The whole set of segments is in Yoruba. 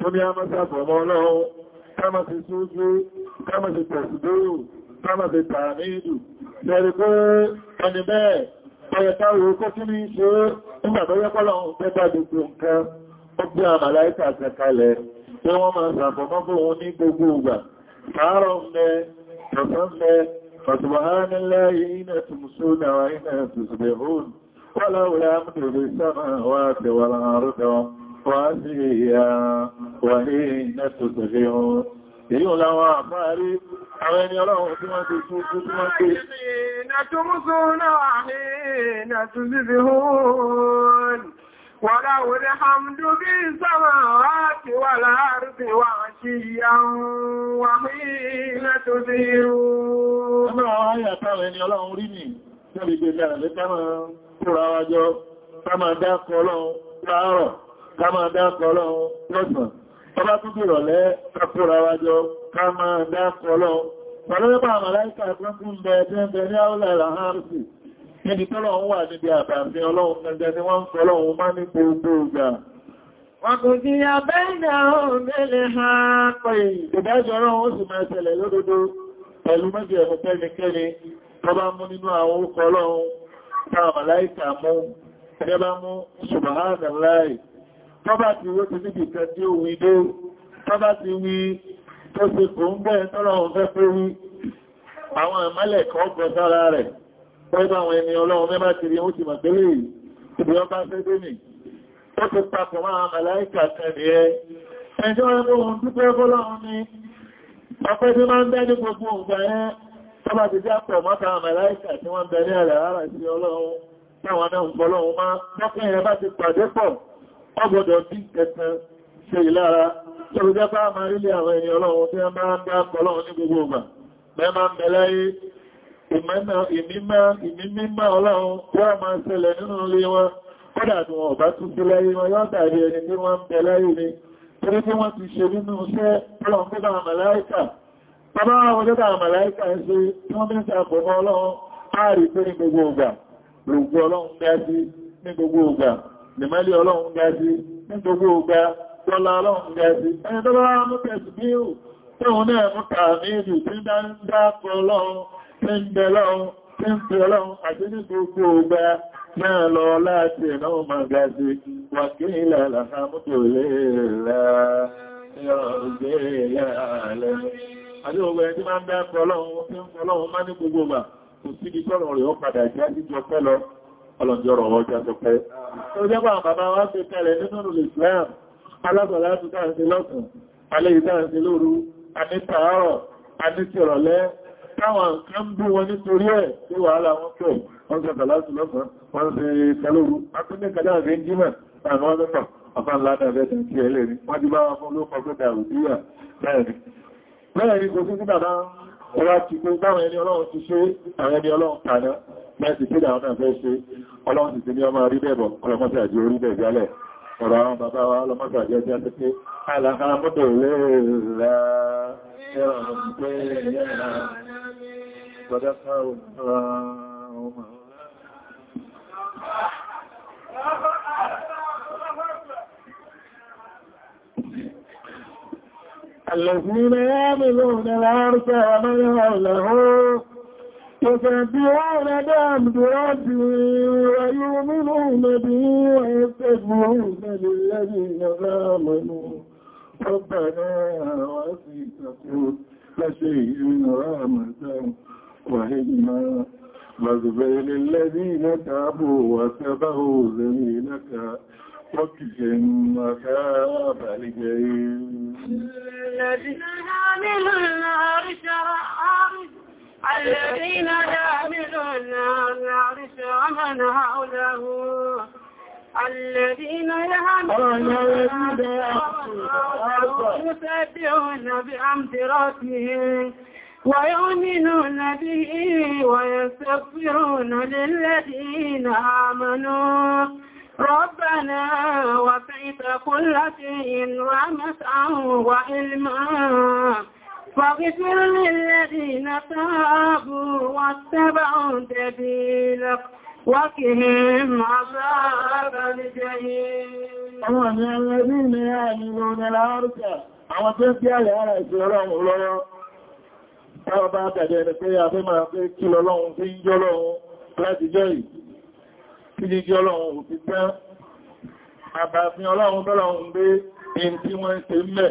tó ní a máa sàfọ̀mọ́ ọlọ́run káàmà ti sójú káàmà ti tẹ̀sùdóró káàmà ti tààmìdù lẹ́rí pé ẹni bẹ́ẹ̀ ọyẹ káwò kó kí ní ṣe nígbàtọ́yẹ́pọ́lọ̀ pẹ́ta gbogbo nǹkan ó gbé àmàláìkà tí wọ́n máa sàfọ̀mọ́ wàlíyà wàlí nẹ́tòtòlérò èyí ò láwọn àfáàrí àwọn ẹni ọlọ́run tí wọ́n ti tún tún wọ́n pé نتمسون حين تزبهون وله الحمد في السماوات والأرض وعشيا وحين تزيرون Ọmọ àwọn ayà táwọn ẹni ọlọ́run rí ní ṣẹ́bí gbẹ̀gbẹ̀ rẹ̀ lẹ́tàmà kúra wájọ́, támà dákọ̀ ká máa dákọ̀ ọlọ́run lọ́sàn tọba tó bèèrọ̀ lẹ́ kakúra wájọ ká máa dákọ̀ ọlọ́run pàlọ́lọ́pàá àmàláìkà akọ́kún bẹ ẹgbẹ́ ní àúlà ìlàhánsì níbi tọ́lọ́run wà níbi àtàfin ọlọ́run gẹ́gẹ́ ni wọ́n ń sọ ọlọ́run má ní gbogbo ìgbà Wàkùnjí abẹ́ ìdáhùn mẹ́lẹ̀ ha pẹ̀lú ìdájọ́ ọlọ́run ó sì máa ṣẹlẹ̀ lódodo pẹ̀lú mẹ́jẹ̀ ẹ̀mù kẹ́nikẹ́ni tó bá mú nínú àwọn orúkọ ọlọ́run táwọn màláìkà mú ẹgbẹ́ bá mú ṣùgbọ́n tọ́bá ti wé ti níbi ìfẹ́ tí ó wí dé tọ́bá ti wí tó ti kò ń bẹ́ẹ̀ tọ́rọ ohun fẹ́ pé wí àwọn ìmọ́lẹ̀ kan gbọ́ sára rẹ̀ pẹ́lú àwọn ẹni ọlọ́run mẹ́bá ti rí ó ti mọ̀ pẹ́lú ìbí ọba fẹ́ dé nì ó ti papọ̀ máa màláìkà tẹ̀lé ẹ ẹjọ́ ẹgbẹ́ ohun ni ọpẹ́ tí tọ́bá ti jẹ́ pọ̀ mọ́ta màláìkà tí wọ́n bẹ ní àlàárà sí ọlọ́run táwọn náà ń pọ̀ lọ́run máa lọ́kùnrin rẹ̀ bá ti pàdé pọ̀ ọgbọ̀dọ̀ tí ẹ̀sàn ṣe ìlara lọ́gbẹ́ bá máa rí lé àwọn ẹni ọlọ́run tí wọ́n máa ń dá ọlọ́run ní gbogbo ọgbà mẹ́mà ń bẹ láyé ìmímímá ọlọ́run wọ́n máa ṣẹlẹ̀ nínú ilé wọn kọ́dà tí wọ́n bá tún sí láyé wọn yọ́ dàrí ẹni tí wọ́n ń bẹ láyé ni torí tí wọ́n ti ṣe nínú iṣẹ́ ọlọ́run tó bá àmàláìkà bàbá wọn tó bá àmàláìkà ń ṣe tí wọ́n bí ń ṣàpọ̀mọ́ ọlọ́run á rí ní gbogbo ọgbà nìmọ́lé ọlọ́run ga sí nítorí ọgbà tọ́lá ọlọ́run ga sí ẹni tọ́lá mú tẹ̀sì bí ó tóhun náà mú kàmílù tí ń dápọ̀ ọlọ́run tí ń bẹ lọ́run tí ń pè ọlọ́run àti nítorí ọgbà náà lọ láti ẹ̀nà ọmọ ga sí wà kí ilẹ̀ àlàmútò lè rẹ̀ ọ̀gbẹ̀ ọlọ́njọ́rọ̀ ọjọ́ tó pẹ́. Tó jẹ́ pàwọn bàbá wá sí tẹ́lẹ̀ nínú Islam, alágbàlá tó tàà sí lọ́sùn, alẹ́ ìtàà sí lóru, àti tààrọ̀, àti tìrọ̀lẹ́, táwọn kan bú wọn nítorí ẹ̀ tí wàhálà wọn pẹ̀, wọ́n sọ tàlá sí lọ́sùn, wọ́n sì tẹ́lóru, akúnlẹ̀ kàdá àti jímẹ̀, àwọn ọlọ́pàá, ọ̀fà ńlá náà rẹ̀ tẹ̀ sí ẹlẹ́ni, wọ́n ti bá wọn fún olóòpàá tó dà òdíyà bẹ́ẹ̀ni. Bẹ́ẹ̀ni kò sí sí bàbá ọlá ti kó táwọn ẹni ọlọ́run ti ṣe àwọn ẹni ọlọ́run kàdá láti tí àwọn náà fẹ́ ṣe الذين يعملون العرش ومن حوله يسبحون بحمد ربي ويؤمنون به ويستجمعون للذين آمنوا ربنا وسيت كل شيء رحمة وهما فاغفر للذين تابوا واتبعوا سبيلك وكفهم مكاب الجيم الذين عملوا النار شرعا الذين يعملون النار سرمن حوله الذين يعملون يسبحون بأمد ربهم ويؤمنون به ويستغفرون للذين آمنوا ربنا وسعت كل شيء رمسا وعلما واغفر للذين تابوا واتبعوا سبيلك وقهم عذاب الجحيم ومن الذين يعملون العرش àwọn tó jẹ́ àyà ara ìṣẹ́ ọlọ́run lọ́wọ́ táwọn bá tàbí ẹni pé a fẹ́ máa pé kí lọ́lọ́run tí ń jọ́ láti jẹ́ ì kí ní jọ́ ò ti tán àbàfin ọlọ́run tọ́lọ́run gbé in tí wọ́n ń ṣe mẹ́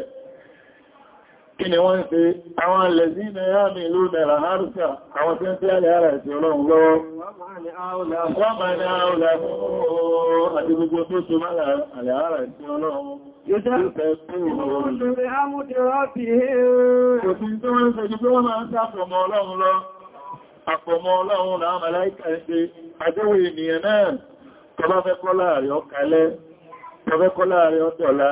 kí ni wọ́n ń ṣe àwọn lẹ̀sí ilẹ̀ àmì ìlú nẹ̀rà àrùsà àwọn tí ó tí àlẹ́ ara ẹ̀sẹ̀ ọlọ́run lọ́wọ́ wọ́n máa ní àúlà fún àti gbogbo tó tó máa àlẹ́ ara ẹ̀sẹ̀ ọlọ́run Yóò jẹ́ ìpẹ̀lú àmúdìrọ́pì ẹ̀rẹ́. Kò tí tó ń ṣe jù pé wọ́n máa ń sáfọ̀mọ́ ọlọ́run lọ. Àfọ̀mọ́ ọlọ́run làá màláìkà ṣe, àjẹ́wò ènìyàn náà, tọ́bá fẹ́ kọ́ láàrin ọkàlẹ́, tọ́bẹ́ kọ́ láàrin ọdọ̀lá,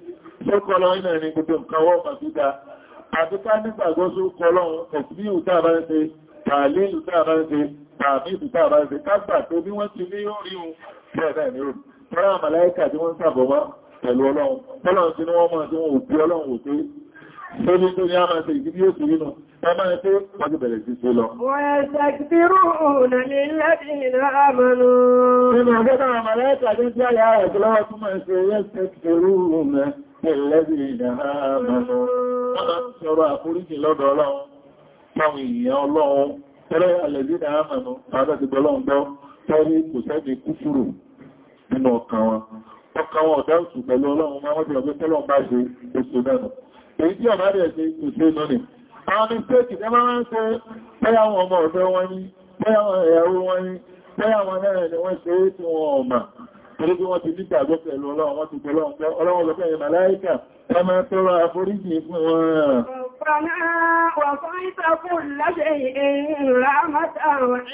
lọ́kọ̀ọ́lọ́ iná ní gbogbo nǹkan wọ́n pàtíta àtúká nígbàgbọ́ sí kọlọ́run tẹ̀sílù tàbá ń ṣe tààlélù tàbá ń ṣe tààmìtù tàbá ń ṣe kágbà tó bí wọ́n ti ní orí un bẹ́ẹ̀ ní orí tọ́rọ bẹ̀rẹ̀ sí ṣe lọ. Wọ́n ẹ̀ ṣàkìbírò òun ní láti lẹ́lẹ́bí ìdáhàmànà ọ̀rọ̀ lọ́dọ̀ ọlọ́run táwọn èèyàn ọlọ́run tẹ́rẹ alẹ́bí ìdáhàmànà tàbí ti gbọ́lọ́run gbọ́ tẹ́rí kò sẹ́bí kúfùrù nínú ọkàn wọn ọkàn wọn ọ̀dá òtù pẹ̀lú ọlọ́run máa wọ́n jẹ́ tọ́lọ́run bá ṣe torí bí wọ́n ti ní gbàgbọ́ pẹ̀lú ọlọ́run wọ́n ti pẹ̀lú ọlọ́run lọ́pẹ́ ìrìn màláíkà ká máa tọrọ àforíjì fún wọn. Fọ́nà wọ̀n fún ìtàkùn lọ ní kẹ́ àtànú ẹ̀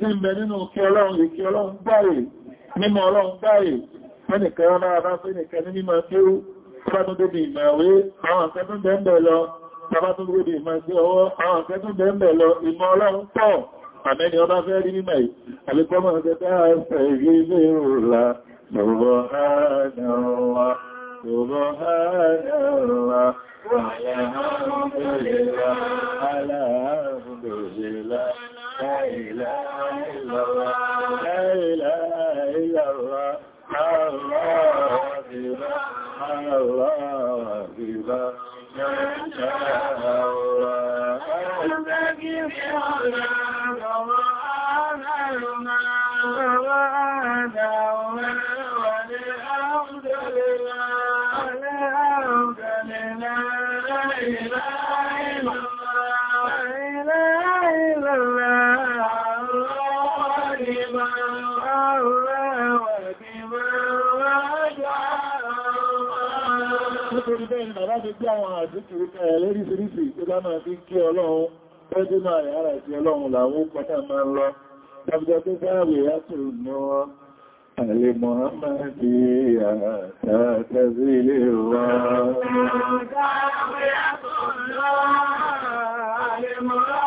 ti ń bẹ nínú òkè ọlọ́run, ìkẹ́ ọlọ́run gbáyìí mímọ̀ ọlọ́run báyìí mẹ́nìkan rán ara fún ní mímọ̀ tí ó sábátúndébì ìmọ̀wé àwọn akẹ́túndẹ̀ẹ́bẹ̀ lọ sábátúndébì ìmọ̀ sí ọwọ́ àwọn akẹ́túndẹ̀ẹ́bẹ̀ lọ ìmọ̀ ọlọ́run pọ̀ àmẹ́ni ọba fẹ́ rí mímọ̀ yìí láìláà الله الله إله الله إله من شاء الله أستغفر الله وأنا المال ni bàbá fi gbé àwọn àdúkì lóríṣiríṣi tó bá máa fi kí ọlọ́run tọ́jú máa rẹ̀ ara ìtì ọlọ́run làwọn pátá máa ń lọ dábìjọ tó sáàwẹ̀ yàtò mọ́ àlè mọ́hámàdì àtàtàzí ilé wa dábìjọ tó sáàwẹ̀ yàtò mọ́ àlè mọ́hámàdì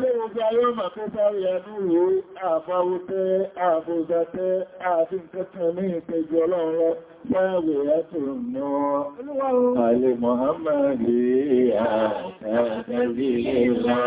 Alẹ́gbẹ̀gbẹ̀ ayọ́mà pé sáré àdúrò àfáwótẹ́, àfòdàtẹ́, àti ìkẹta ní ìpẹjọ ọlọ́run lọ, sáré ẹ̀tùn náà. Alẹ́ Mọ̀hámàdì àtàrí ìlà.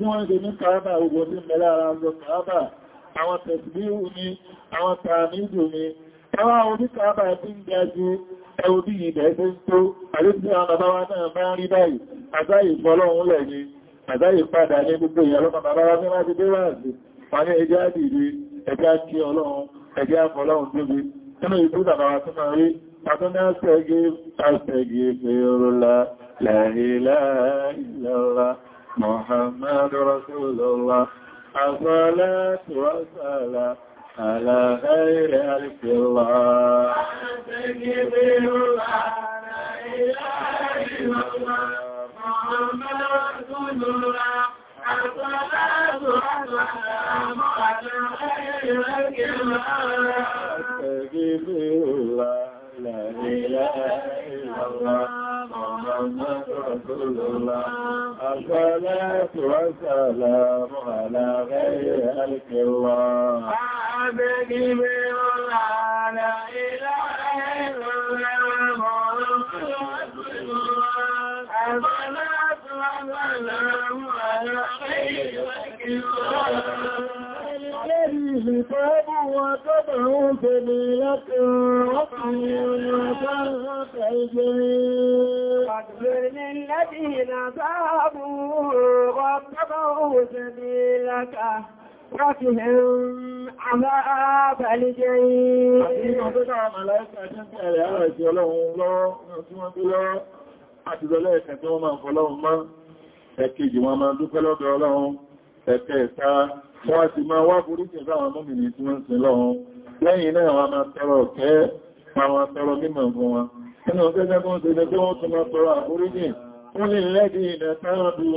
tí wọ́n ń ṣe ní kàábà ogun ní mẹ́lá ara lọ kàábà àwọn tẹ̀sìlíhù ni àwọn tààmìdù ni ẹwà orí kàábà tí ń ga ju ẹwù bí ìdẹ̀ tó ń tó àrísí àwọn bàbá wa náà bá ń rí báyìí àzáyì fọlọ́run lẹ̀ ni àzáyì padà ní gbogbo ìyàlọ́pàá bàbá wa ní láti dé wáàzì wọ́n ní ẹjẹ́ àdìrí ẹjẹ́ àti ọlọ́run ẹjẹ́ àfọlọ́run tóbi nínú ìbú bàbá wa tó máa rí Àtún náà ṣẹ́gí, ṣẹ́gí fèrò lá, láìláìlára. محمد رسول الله الصلاة والسلام على خير ألف الله سيد الله لا إله إلا الله محمد رسول الله الصلاة والسلام على خير ألف الله سيد الله لا إله إلا الله محمد رسول الله الصلاة والسلام على غير خلق الله عبد من الله لا إله إلا الله رسول الله الصلاة والسلام على غير خلق الله عليه كتاب وتبع سبيلة ربي وشرك الجميع فاغفر للذين تابوا واتبعوا سبيلك وفهم عذاب الجحيم Àtìdọ́lẹ́ ẹ̀kẹ́ tí wọ́n máa fọ́lọ́run máa, ẹ̀kejì wọn máa dúpẹ́ lọ́dọ̀ Ọlọ́run, ẹ̀kẹ́ ẹ̀ta wọ́n ti máa wá burúkín sáwọn mọ́mìnì tí wọ́n sin lọ́wọ́ lẹ́yìn náà wọ́n máa tọrọ ọ̀kẹ́ àwọn tọrọ mímọ̀ fún wọn nínú gẹ́gẹ́ bọ́n se lẹ́gbẹ́ wọ́n tún máa tọrọ àforíjìn wọ́n lè lẹ́dí ilẹ̀ sáàdùn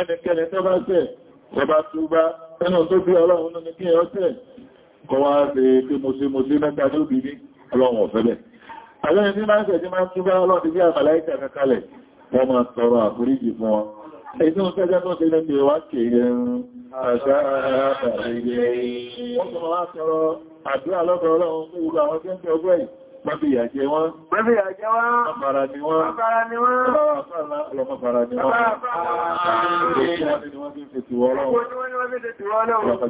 ẹnikẹ́ni tó bá túbá nínú bí ọlọ́run ní kí ẹ ọ́sẹ̀ kọ wá ṣe pé mo tí máa ń túbá ọlọ́run bí àmàláìkà kankalẹ̀ wọ́n máa tọrọ àṣà àṣà ìgbẹ̀rẹ̀ Mọ́bíyà jẹ́ wọ́n, àbára ni wọ́n, àbára ni wọ́n, ọlọ́pàá ni wọ́n, ọlọ́pàá ni wọ́n fi ń fi ti wọ́n lọ́wọ́. Ọlọ́pàá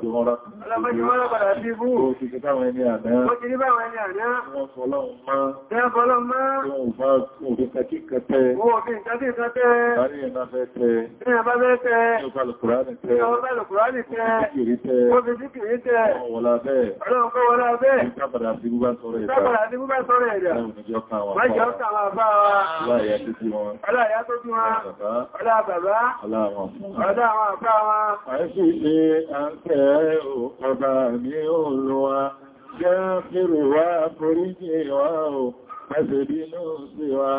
jù wọ́n rá. Ọlọ́pàá jù wọ́n rá padà sí ibú. Ó ti kẹta wọn ẹni àná. Ó ti rí bá wọn ẹni àná. Wọ́n fọ́lọ́un máa. Wọ́n fọ́lọ́un máa. Wọ́n fà òfin kàkí kẹtẹ. Wọ́n fi nǹkan sí ìkẹtẹ. Láàrin ẹ̀nà fẹ́ tẹ. Ní ẹ̀bá fẹ́ tẹ. Ní ọkọ̀ alùkùránì tẹ. Ní ọkọ̀ alùkùránì tẹ. Ó fi kìrì tẹ. Ó fi kìrì tẹ. Ọlọ́run kọ́ wọlá bẹ́ẹ̀. Ìkápadà sí bú bá sọ̀rọ̀ ìta. Ìkápadà sí bú bá sọ́rọ̀ ẹ̀rẹ̀. Májẹ́ ọkà wà bá wa. Aláyà tó bí wọn. Aláyà tó bí wọn. Aláà bàbá. Aláà wọn. Aláà wọn àpá wọn. Àìsí ilé àǹkẹ́ ọba mi ò lọ wa. Jẹ́ fèrò wa foríjì wa o. Mẹ́sẹ̀ bínú sí wa.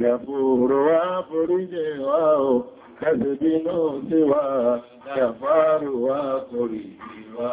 Gẹ̀fòrò wa foríjì wa o. Mẹ́sẹ̀ bínú sí wa. Gẹ̀fòrò wa foríjì wa.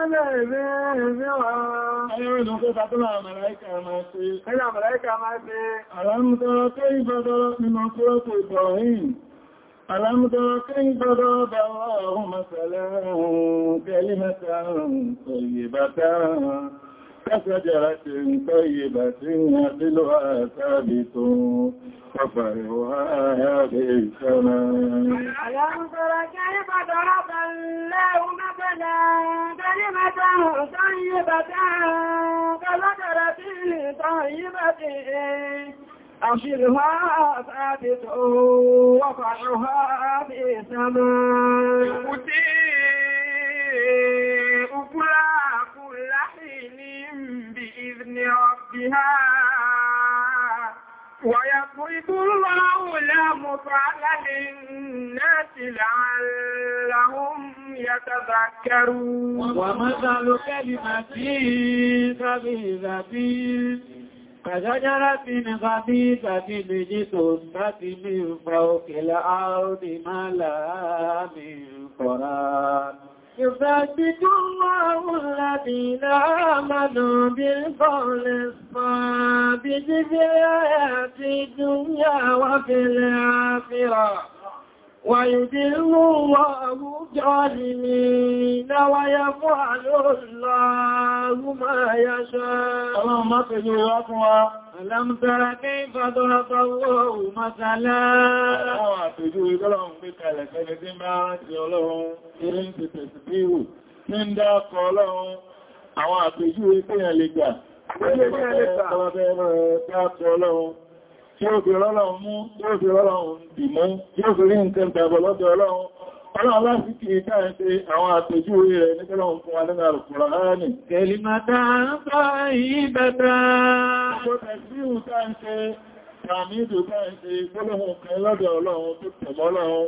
ألم تر كيف ضرب الله مثلا كلمة طيبة كشجرة طيبة وظلها ثابت وفرعها بالسماء ألم تر كيف ضرب الله مثلا كلمة طيبة كشجرة طيبة أشرها ثابت وفرعها بالسماء أكلها بها ويضرب الله لمطعل للناس لعلهم يتذكرون ومثل كلمة خبيثة كشجرة خبيثة لجتثت من فوق الأرض ما لها من قرار يثبت الله الذين آمنوا بالقول الصابت في الحياة الدنيا وفي الآخرة ويدل الله الظالمين ويفعل الله ما يشاء اللهم اغفر لنا ألم تر كيف ضرب الله مثلا Àwọn àpèjú ìdọ́lọ́run pé kalẹ̀ kẹ́lẹ̀ tí máa rántí ọlọ́run, eré ń ti tẹ̀sìbíhù, ní ń dákọ ọlọ́run, àwọn àpèjú ìpéyàn lè gbà. Tí ó fi rọ́lọ́run mú, tí ó fi rọ́lọ́run dì mú, tí ó fi rí nǹkan Tàmídù bá ń ṣe gbọ́lọ́hùn kan lọ́dọ̀ ọlọ́run tó tẹ̀mọ́ ọlọ́run,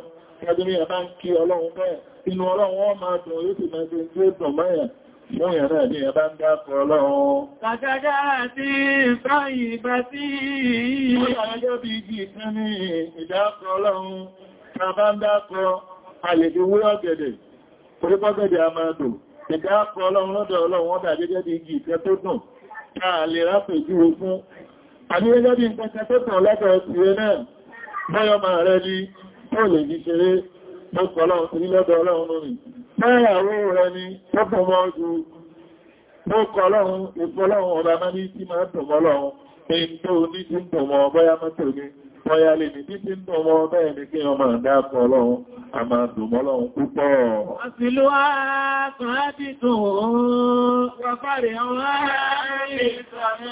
ẹgbẹ̀rẹ̀ ẹ̀bá ń kí ọlọ́run bẹ́ẹ̀, inú ọlọ́run wọ́n máa dùn yóò sì máa dùn tí ó dùn mẹ́yàn Wọ́n yẹ̀ náà ní ẹbá ń dákọ̀ ọlọ́run. Tàgàgà àti ìfáyì bá sí ìyí. Wọ́n yẹ̀ náà gẹ́gẹ́ bí igi ìtẹ́ ní ìdákọ̀ ọlọ́run, tàbá ń dákọ̀ àyèdè wé ọ̀gẹ̀dẹ̀ orípọ̀gẹ̀dẹ̀ a máa dò ìdá akọ ọlọ́run lọ́dọ̀ ọlọ́run wọ́n dà gẹ́gẹ́ bí igi ìfẹ́ tó dùn ká lè ráfẹ̀ jú fún àní gẹ́gẹ́ bí nǹkan tó tàn lọ́dọ̀ ọ̀sìnrẹ́ náà bọ́yọ́ máa rẹ̀ ní tó lè ní ṣeré lọ́dọ̀ ọlọ́run sí lọ́dọ̀ ọlọ́run nù báyàwó rẹ̀ ni tọ́pọ̀ mọ́ ju mọ́kọ̀ ọlọ́run ìfọ́lọ́run ọba máa ní tí máa dùn mọ́ ọlọ́run èyí tó ní wọ́n yá lè nìbí tí ń bọ̀ ọmọ bẹ́ẹ̀ ni kí ọmọ àdáàpọ̀ ọlọ́run a máa dùnmọ́ ọlọ́run púpọ̀. Àfìlú ààkùn láti tún òun rọ̀fàrí àwọn ààrẹ ìsàmì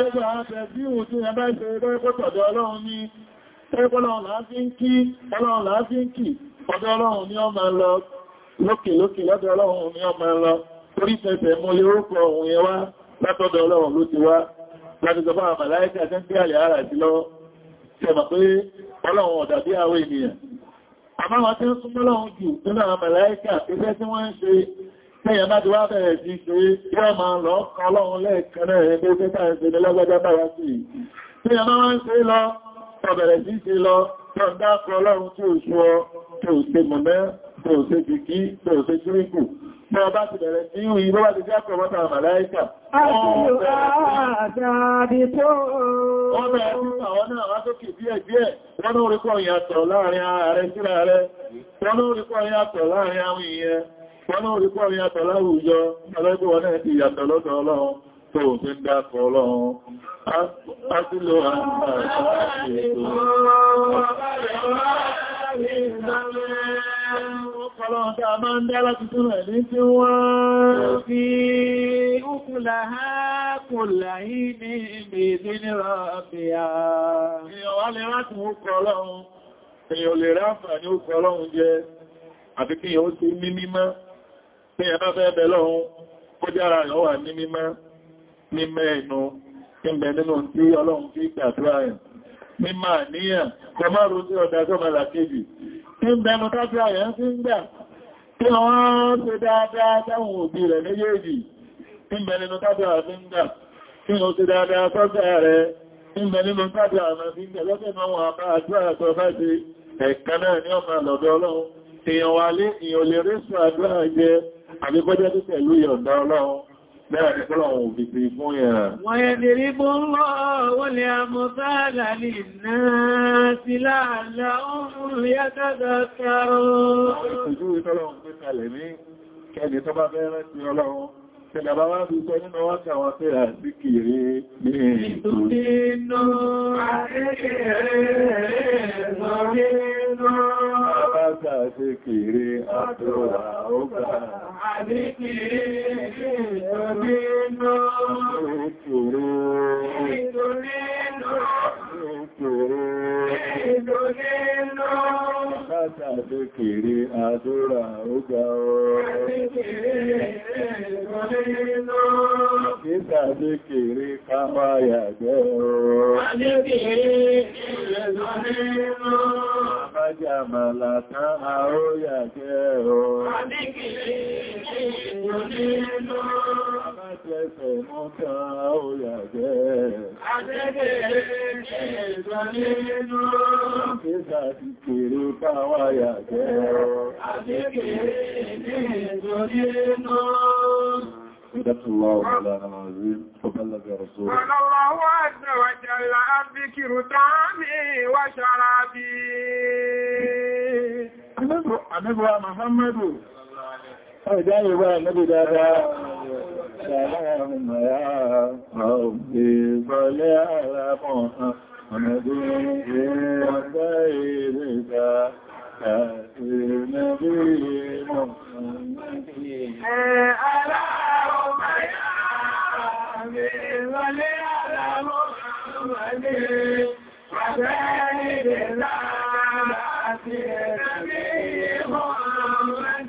ẹgbẹ̀ ààbẹ̀ bí ìwò tí ẹ bá ṣe rẹ́pọ̀tọ̀dọ̀ ọlọ́run ní ọlọ́run láti ń kí ọ̀dọ̀ ọlọ́run ní ọmọ lọ lókè lókè lọ́dọ̀ ọlọ́run ní ọmọ lọ torí tẹ́tẹ̀ mú lé orúkọ òun yẹn ọlọ́run ló ti wá tí ẹ̀mà pé ọlọ́run ọ̀dà bí àwọn ènìyàn àmáwọn tí ó súnmọ́ lọ́run jù nínú àwọn mẹ̀láíkà iṣẹ́ tí wọ́n ń ṣe tẹ́yẹ bá ti wá bẹ̀rẹ̀ sí ṣe yọ́ máa lọ kan lọ́run lẹ́ẹ̀kan náà ẹgbẹ́ tẹ́ta ẹ̀ṣẹ́ ní lọ́gbọ́jọ́ bára sí tẹ́yẹ bá wọ́n ń ṣe lọ ọ̀bẹ̀rẹ̀ sí ṣe lọ tọ́ndá ọlọ́run tí ò ṣọ́ tí ò ṣe mọ̀mẹ́ tí ò ṣe jìkí tí ò ṣe jíríkù Bọ̀ bá ti bẹ̀rẹ̀ sí ìwò ìbọ́ bá ti jẹ́ ọkọ̀ mọ́ta màláíkà. Wọ́n orí kọ́ ìyàtọ̀ láàrin ààrẹ síra rẹ̀, wọ́n orí kọ́ ìyàtọ̀ láàrin àwọn èèyàn, wọ́n orí kọ́ ìyàtọ̀ láwùjọ, ọlọ́gbọ́ wọn náà ti ìyàtọ̀ lọ́dọ̀ ọlọ́run tó fi ń dákọ̀ ọlọ́run. A ti lo àwọn àṣà àti ètò. Ọlọ́run tí a máa ń dá láti túnmọ̀ ní tí wọ́n fi ókú láhá kò láhí ní ìgbèdé ní rọ̀bìá. Èèyàn wá lè rákùn ókú Ọlọ́run, èèyàn lè ráfà ní ókú Ọlọ́run jẹ, àti kí èèyàn ó ti ní mímọ́, tí èèyàn bá fẹ́ bẹ lọ́run, kó jára rẹ̀ wà ní mímọ́, mímọ́ ẹnu, tí ń bẹ nínú tí Ọlọ́run fi gbàdúrà rẹ̀. Mímọ́ àníyàn, kọ ìbẹnu tàbí àyẹ̀ ń sí ń gbà tí wọ́n ṣe dáadáa táwọn òbí rẹ̀ méjèèjì ìbẹ̀ nínú tàbí àmì ń gbà tí wọ́n ṣe dáadáa tọ́jà rẹ̀ ìbẹ̀ nínú tàbí àmì ń gbà Bẹ́rẹ̀ ni kọ́lọ̀ òun fi fi fún yẹn. Wọ́n yẹ dèrí bó ń lọ wọ́n lè àmọ́sáàlà náà sí láàlá òun pẹ́ kalẹ̀ ní Ṣẹ̀lẹ̀bá wá bí sọ nínú wákà wá pé à sí kìí ní ìtùnínú àríkẹ̀ẹ́rẹ́ lọ́rínú. Àbáta sí kìí àtọ́wà ọgbà. Àríkìí ìtùnínú. Ìtùnínú kèrè Láta àti kèrè àdúrà ọgbà ọ̀rọ̀. Àkíta àti kèrè káwà yàgbẹ́ ọ̀rọ̀. Àbájá màlàtà àó yàgbẹ́ ọ̀rọ̀. Àbíkèrè ìrìnlọ́nà lẹ́sẹ̀ mọ́ta ó yàgbẹ́. Adébẹ̀rẹ̀ ní ẹ̀sọ́ nínú. Kéta ti kèrè káwà yàgbẹ́. Adébẹ̀rẹ̀ ní ẹ̀sọ́ nínú. صدق الله مولانا العظيم وبلغ رسوله صلى الله عز وجل عن ذكر طعامي وشرابي Àníbò Muhammadu, ọjọ́ ìwọ̀ àníbò dáadáa. سلام يا ربي صل على محمد وسيدك يا نبي محمد على ربي صل على محمد وسيدك يا نبي محمد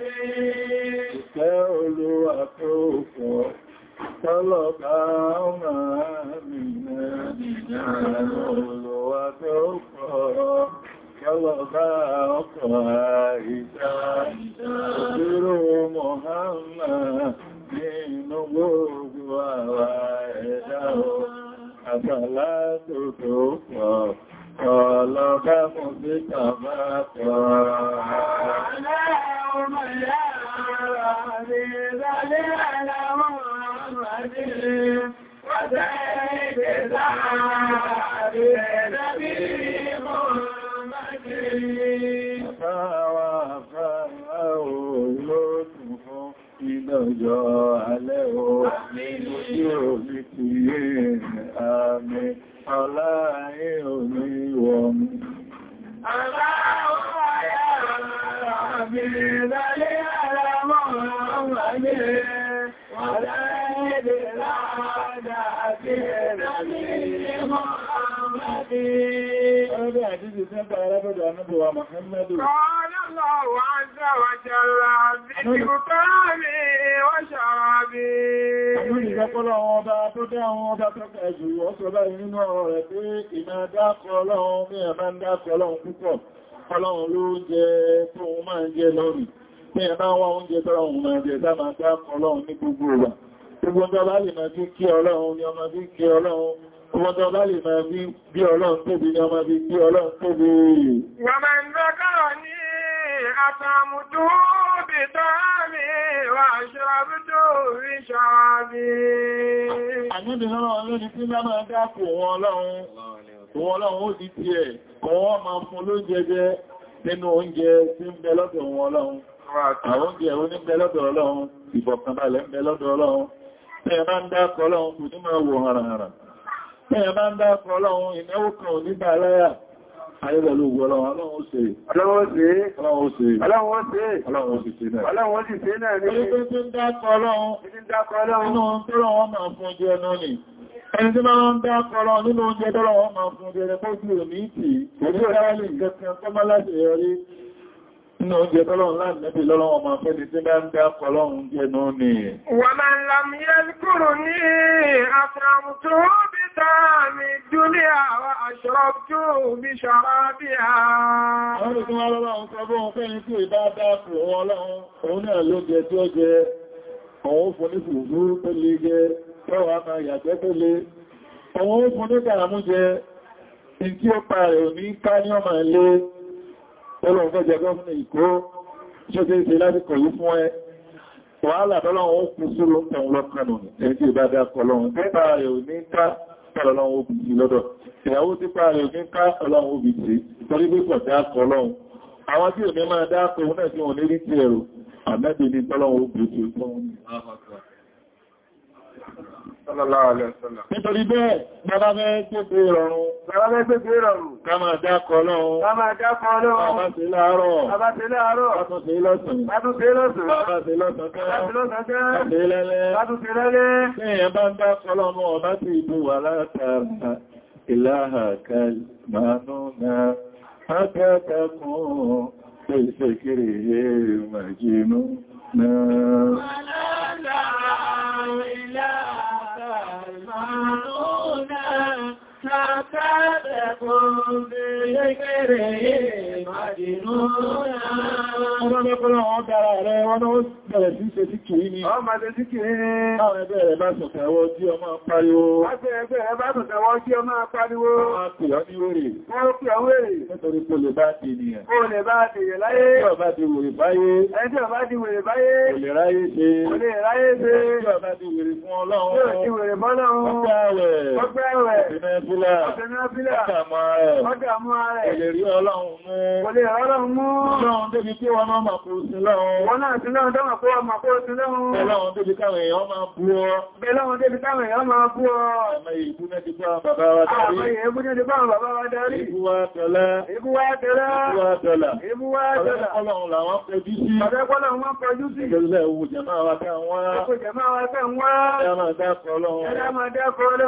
Olúwa tó fún ọ tọ́lọ̀gá ọmọ mi náà olùwà tí ó kọ̀ọ̀ tọ́lọ̀gá ọkọ̀ ìta ìdúró Muhammad nínú gbogbo àwà ẹ̀dá àtàlá tó tó pọ̀ tọ́lọ̀gá mú sí tàbá tọ́rọ Àlẹ́ ọmọ ìyá àrẹ̀ ìrẹ̀lẹ́ àlàmọ́ محمد وسيد سعد نبي sí ọlọ́run púpọ̀ ọlọ́run ló jẹ tó wọ́n máa ń jẹ lọ́rùn ní ẹ̀bá wá oúnjẹ tọ́rọ òun máa jẹ sáà máa dákọ ọlọ́run ní gbogbo ọgbà gbogbo ọjọ́ bá lè máa bí kí ọlọ́run ni ọmọ bí kí ọlọ́run gbogbo ọjọ́ bá lè máa bí bí ọlọ́run tóbi ni ọmọ bí kí ọlọ́run tóbi Yọmọ ìgbẹ́kọ̀ọ́ ní àtàmùdó bìtàmì wà ṣàbùdó ríṣàbí. Àníbìnrin ọlọ́run ló ní kí máa dákọ ọlọ́run Ìwọ́n ọlọ́run ó di ti ẹ̀ kọ́ wọ́n máa fún ló jẹjẹ nínú oúnjẹ tí ń bẹ lọ́dọ̀ wọn ọlọ́run. Àwọn oúnjẹ ẹ̀rọ ní bẹ lọ́dọ̀ ọlọ́run, ìfọ̀kànbalẹ̀ ń bẹ lọ́dọ̀ ọlọ́run. Bẹ́ẹ̀ bá ń dákọ̀ ọlọ́run kò ní máa wò hàràhàrà. Bẹ́ẹ̀ bá ń dákọ̀ ọlọ́run ìnáwó kan ò ní bà láyà. Ayébẹ̀lú ògbọ́ ọlọ́run, ọlọ́run ó ẹni tí máa ń dá kọrọ nínú oúnjẹ tọ́rọ wọn máa fún ọdẹ ẹ̀kọ́ sí òní ìtì orí ọ̀rẹ́wà lè jẹ́ kí ọkọ́ má láti ẹ̀rí nínú oúnjẹ tọ́rọ láàrínlẹ́bì lọ́lọ́wọ́ máa fẹ́ di tí máa ń dá kọrọ oúnjẹ náà ni wọ́n máa ń lam kúrò ní àfàmùtò bí tààmì dúlé àwọn àṣọ́rọ̀tò bí ṣọ́rọ̀ bí i wọ́n tọ́wà máa yàgbẹ́ tó lé àwọn ogun ní kàràmújẹ tí ó pa rẹ̀ ní ká ní ọmọ ilé tọ́lọ̀ fẹ́jẹ gọ́ọ̀nà ìkó tí ó tẹ́ láti kọ̀ yí fún ẹ wàhálà tọ́lọ̀wọ̀n ó kú sí lóòtàn lọ́kànù ẹni tí ìbá dá kọlọ̀wọ̀n tí pa rẹ̀ ò ní ká tọ́lọ̀wọ̀n ó bì sí lọ́dọ̀ ìyàwó tí pa rẹ̀ ò ní ká ọlọ́wọ̀n ó bì sí torí bí kọ̀ dá kọlọ̀wọ̀n àwọn tí ò ní máa dá Nítorí bẹ́ẹ̀, bàbá mẹ́ pépé rọrùn. Bàbá mẹ́ pépé rọrùn. Ká máa dákọ̀ lọ́run. Ká máa dákọ̀ lọ́run. Bàbá sí láàárọ̀. Bàbá sí láàárọ̀. Bàbá sí lọ́sàn. Bàbá sí lọ́sàn. Bàbá sí lọ́sàn. Bàbá sí lọ́sàn. Bàbá sí lẹ́lẹ́. Bàbá sí lẹ́lẹ́. Tí èèyàn bá ń dákọ̀ lọ́mọ ọba ti ìbú wà látàrà ìlàhà ربنا Nítorí kò lè bá ti ènìyàn. Kò lè bá ti ènìyàn láyé. Tí ọba ti wèrè báyé. Ẹni tí ọba ti wèrè báyé. Kò lè ráyé ṣe. Kò lè ráyé ṣe. Tí ọba ti wèrè fún Ọlọ́run. Tí ọba ti wèrè mọ́lọ́run. Ọgbẹ́ àwẹ̀. Ọgbẹ́ àwẹ̀. Ìbẹ̀ náfílà ọdàmà rẹ̀ kò lè rí ọlọ́run mú ọlọ́run mú ọlọ́run débi kí wọ́n máa kúrò sí lọ́run wọ́n náà sí lọ́run dámà kó wọ́n máa kúrò sí lọ́run ọlọ́run débi káwọn èèyàn máa ọlọ́run débi káwọn èèyàn máa bú ọ àmà ìbú náà ti bá bàbá wa darí ọlọ́run wọ́n pẹ̀jú sí ìjọlẹ̀ owó wọ́n ẹ̀rọ máa dákọ̀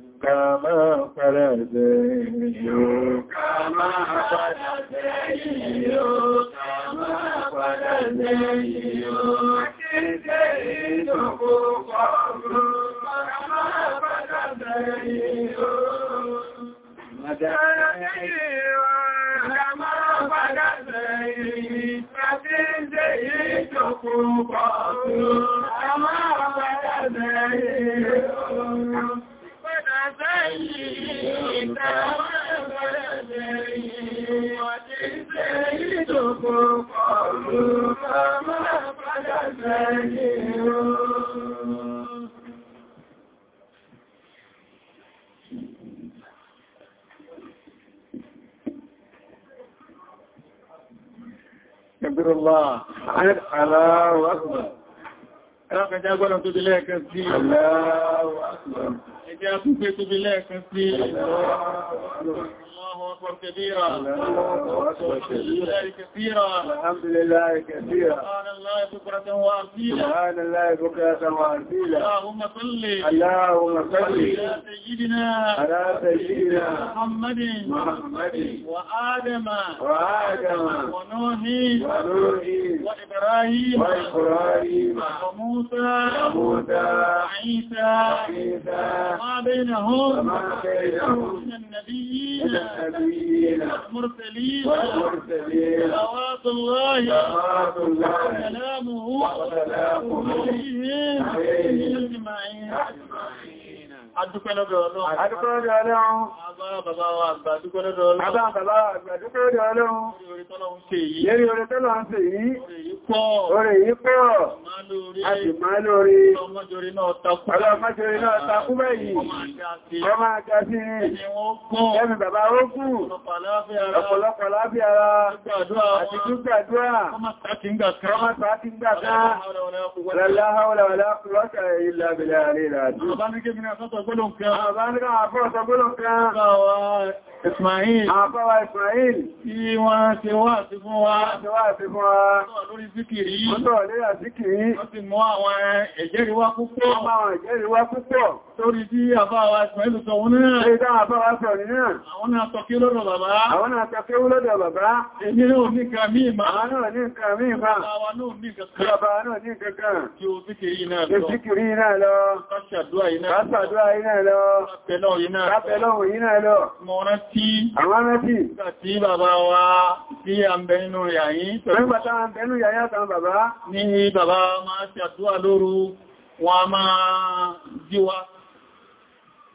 ká máa padà sẹ́yìn yóò ká máa padà sẹ́yìn yóò ká máa padà sẹ́yìn yóò kí ń tẹ́ ìdókò pọ̀lú ká máa padà sẹ́yìn yóò Mọ̀dára ẹ̀yìn wọn ká máa padà sẹ́yìn ká tí ń tẹ́ كبير الله عن الله أكبر أنا قد أقول أنت لك الله أكبر tí a tún lẹ́ẹ̀kan sí الله أكبر كبيرا الحمد لله كثيرا بكرة سبحان الله بكرة وأصيلا اللهم صل اللهم صل على سيدنا على سيدنا محمد محمد وآدم وآدم ونوح ونوح وإبراهيم وإبراهيم وموسى وموسى وعيسى وعيسى وما بينهم وما بينهم من النبيين والمرسلين والمرسلين صلوات الله وسلامه عليه أجمعين Adúpẹ́ lọ́dọ̀ Ọlọ́run. Adúpẹ́ lọ́dọ̀ Ọlọ́run. Àgbà bàbá wa àgbà dúpẹ́ lọ́dọ̀ Ọlọ́run. Àgbà bàbá àgbà dúpẹ́ lọ́dọ̀ Ọlọ́run. Lérí orí tọ́lọ̀ ń ṣe yìí. Orí yìí pọ̀. A sì máa lórí. Ọlọ́mọdé náà takú báyìí. Ọ máa ga sí ní. Ẹmi bàbá ó kú. Ọ̀pọ̀lọpọ̀ lábẹ́ ara. Àti gbàdúrà. Ọmọ sàákí ń gbà ká. Lọ́lá sọgbọ́lọ́ Ismail. Àbáwà Ismail. Tí wọ́n ti wá sí fún wa. Ti wá sí fún wa. Wọ́n lórí zíkìrí. Wọ́n tọ̀ lórí àzíkìrí. Wọ́n ti mọ́ àwọn ẹ̀jẹ́rí wá púpọ̀. Wọ́n máa ẹ̀jẹ́rí wá púpọ̀. Torí tí àbáwà Ismail sọ wọn náà. Ṣé ìdá àbáwà sọ ní náà? Àwọn náà sọ kí lọ́dọ̀ bàbá. Àwọn náà sọ kí lọ́dọ̀ bàbá. Èmi náà ní nǹkan mí ìmá. Àwọn náà ní nǹkan mí tí tí bàbá wa tí a ń bẹ̀rẹ̀ nínú rẹ̀ yìí ní bàbá máa ṣe àdúwà lóru wọn a máa jíwa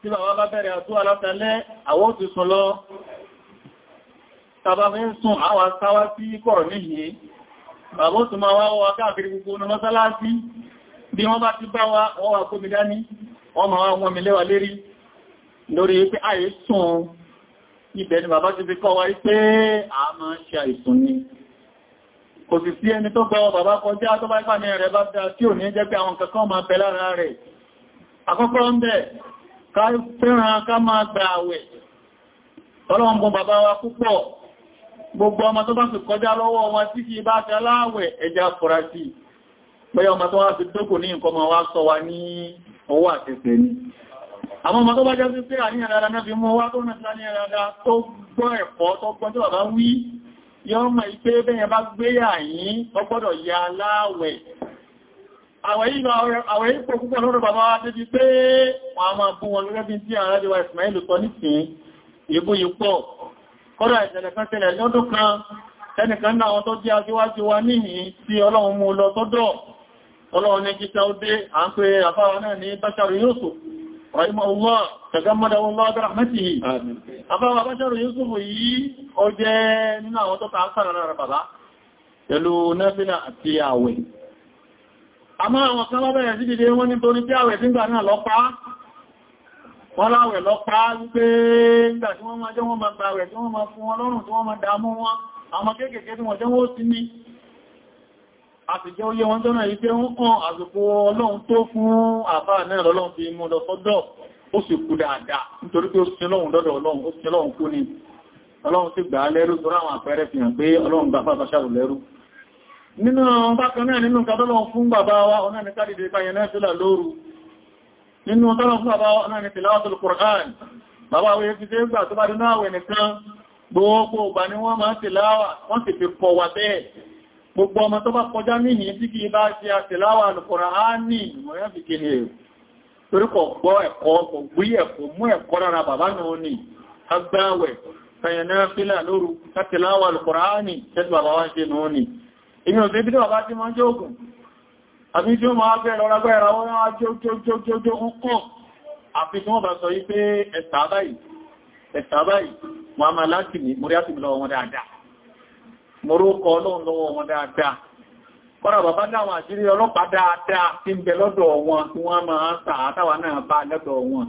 tí bàbá bá bẹ̀rẹ̀ àdúwà látàlẹ́ àwọn ti sùn lọ tàbá fẹ́ sùn àwà sáwá sí kọ̀ níhìí bàbá tó máa wá wá káàkiri gbogbo ọ̀nà mọ́sálásí bí wọ́n bá ti bá wa wọ́n wà kó mi dání wọ́n máa wá wọn mi lẹ́wà lérí lórí pé àyè ibẹ̀ ni bàbá ti fi kọ́ wa pé a máa ṣe àìsùn ni kò sì sí ẹni tó gbọ́ bàbá kọjá tó bá ìpàmì rẹ̀ bá dá tí ò ní jẹ́ pé àwọn kankan máa bẹ lára rẹ̀ àkọ́kọ́ ń bẹ̀ ká fẹ́ràn ká máa gbà àwẹ̀ ọlọ́run bàbá wa púpọ̀ gbogbo ọmọ tó bá sì kọjá lọ́wọ́ wọn tí kì bá tẹ aláwẹ̀ ẹja fọ́ra sí wá fi dókò ní nǹkan ma wá sọ wa ní ọwọ́ àtẹ́sẹ̀ ni àwọn ọmọ tó bá jẹ́ pípé àníyàn dáadáa náà fi mú wá tó náà láníyàn dáadáa tó gbọ́ ẹ̀kọ́ tó gbọ́ tó bàbá wí yọ́ mọ̀ ìpé bẹ́yẹn bá gbé àyín tó gbọ́dọ̀ ya láàwẹ̀ àwẹ̀ ipò púpọ̀ lọ́rọ̀ bàbá wá débi pé wọ́n máa bú wọn gẹ́gẹ́ bí tí àrájẹwà Ismail tọ́ nìsín ìbú ipò kọ́dọ̀ ìṣẹ̀lẹ̀ kan tẹ́lẹ̀ lọ́dún kan ẹnìkan náà wọn tó jẹ́ ajíwájú wa níhìn tí Ọlọ́run mú lọ tọ́dọ̀ Ọlọ́run ní kí sáúdé à ń pè àfáwọn náà ní Báṣàrù Yusuf رحمه الله تجمده الله برحمته أبا بشر يوسف أجينا وتتعصر على ربضا يلونا بنا التياوي àmá àwọn kan lọ́bẹ̀ rẹ̀ sí dìde wọ́n ní torí pé àwẹ̀ wọn lọ́rùn tí wọ́n àtìjẹ́ oyé wọn jọ́nà ìpé ń kàn àsìkò ọlọ́run tó fún àfáà náà lọ́lọ́run fi mú lọ sọ́dọ̀ ó sì kú dáadáa nítorí pé ó sin lọ́run dọ́dọ̀ ọlọ́run ó sin lọ́run kú ni ọlọ́run sì gbà á lẹ́rú tó ráwọn àpẹẹrẹ fi hàn pé ọlọ́run gbà fáfá ṣàrù lẹ́rú nínú bákan náà nínú tọ́lọ́run fún bàbá wa ọ̀nà ní kádìdì ìpayẹ náà sílà lóru nínú tọ́lọ́run Qur'an bàbá wa yẹ́ fi ṣe gbà tó bá dínú àwẹ̀ nìkan gbogbo ìgbà gbogbo ọmọ tó bá kọjá nínú tí kí bá ṣe àtìláwà alùkọ̀rọ̀ á ní ìmọ̀yán fi kí ni èrò toríkọ̀ gbọ́ ẹ̀kọ́ kò gbí ẹ̀kọ́ mú ẹ̀kọ́ rárá bàbá náà ní agbáwẹ̀ fẹ̀yẹ̀ná fílà lóru àtìláwà alùkọ̀rọ̀ á ní tẹ́tù bàbá wá ṣe náà ní inú ọ̀sẹ̀ bí bàbá ti máa ń jógùn àbí tí ó máa bẹ̀rẹ̀ ọ̀rágbẹ́ra wọ́n á jójójójójó ń kọ́ àfi tí wọ́n bá sọ yí pé ẹ̀sà báyìí ẹ̀sà báyìí wọ́n á máa láti ní mórí á sì lọ wọn dáadáa mọ̀rúkọ ọlọ́run lọ́wọ́ wọn dáadáa kọ́rọ̀ bàbá dáwọn àṣírí ọlọ́pàá dáadáa tí ń bẹ lọ́dọ̀ wọn tí wọ́n máa ń sàá táwà náà bá lọ́dọ̀ wọn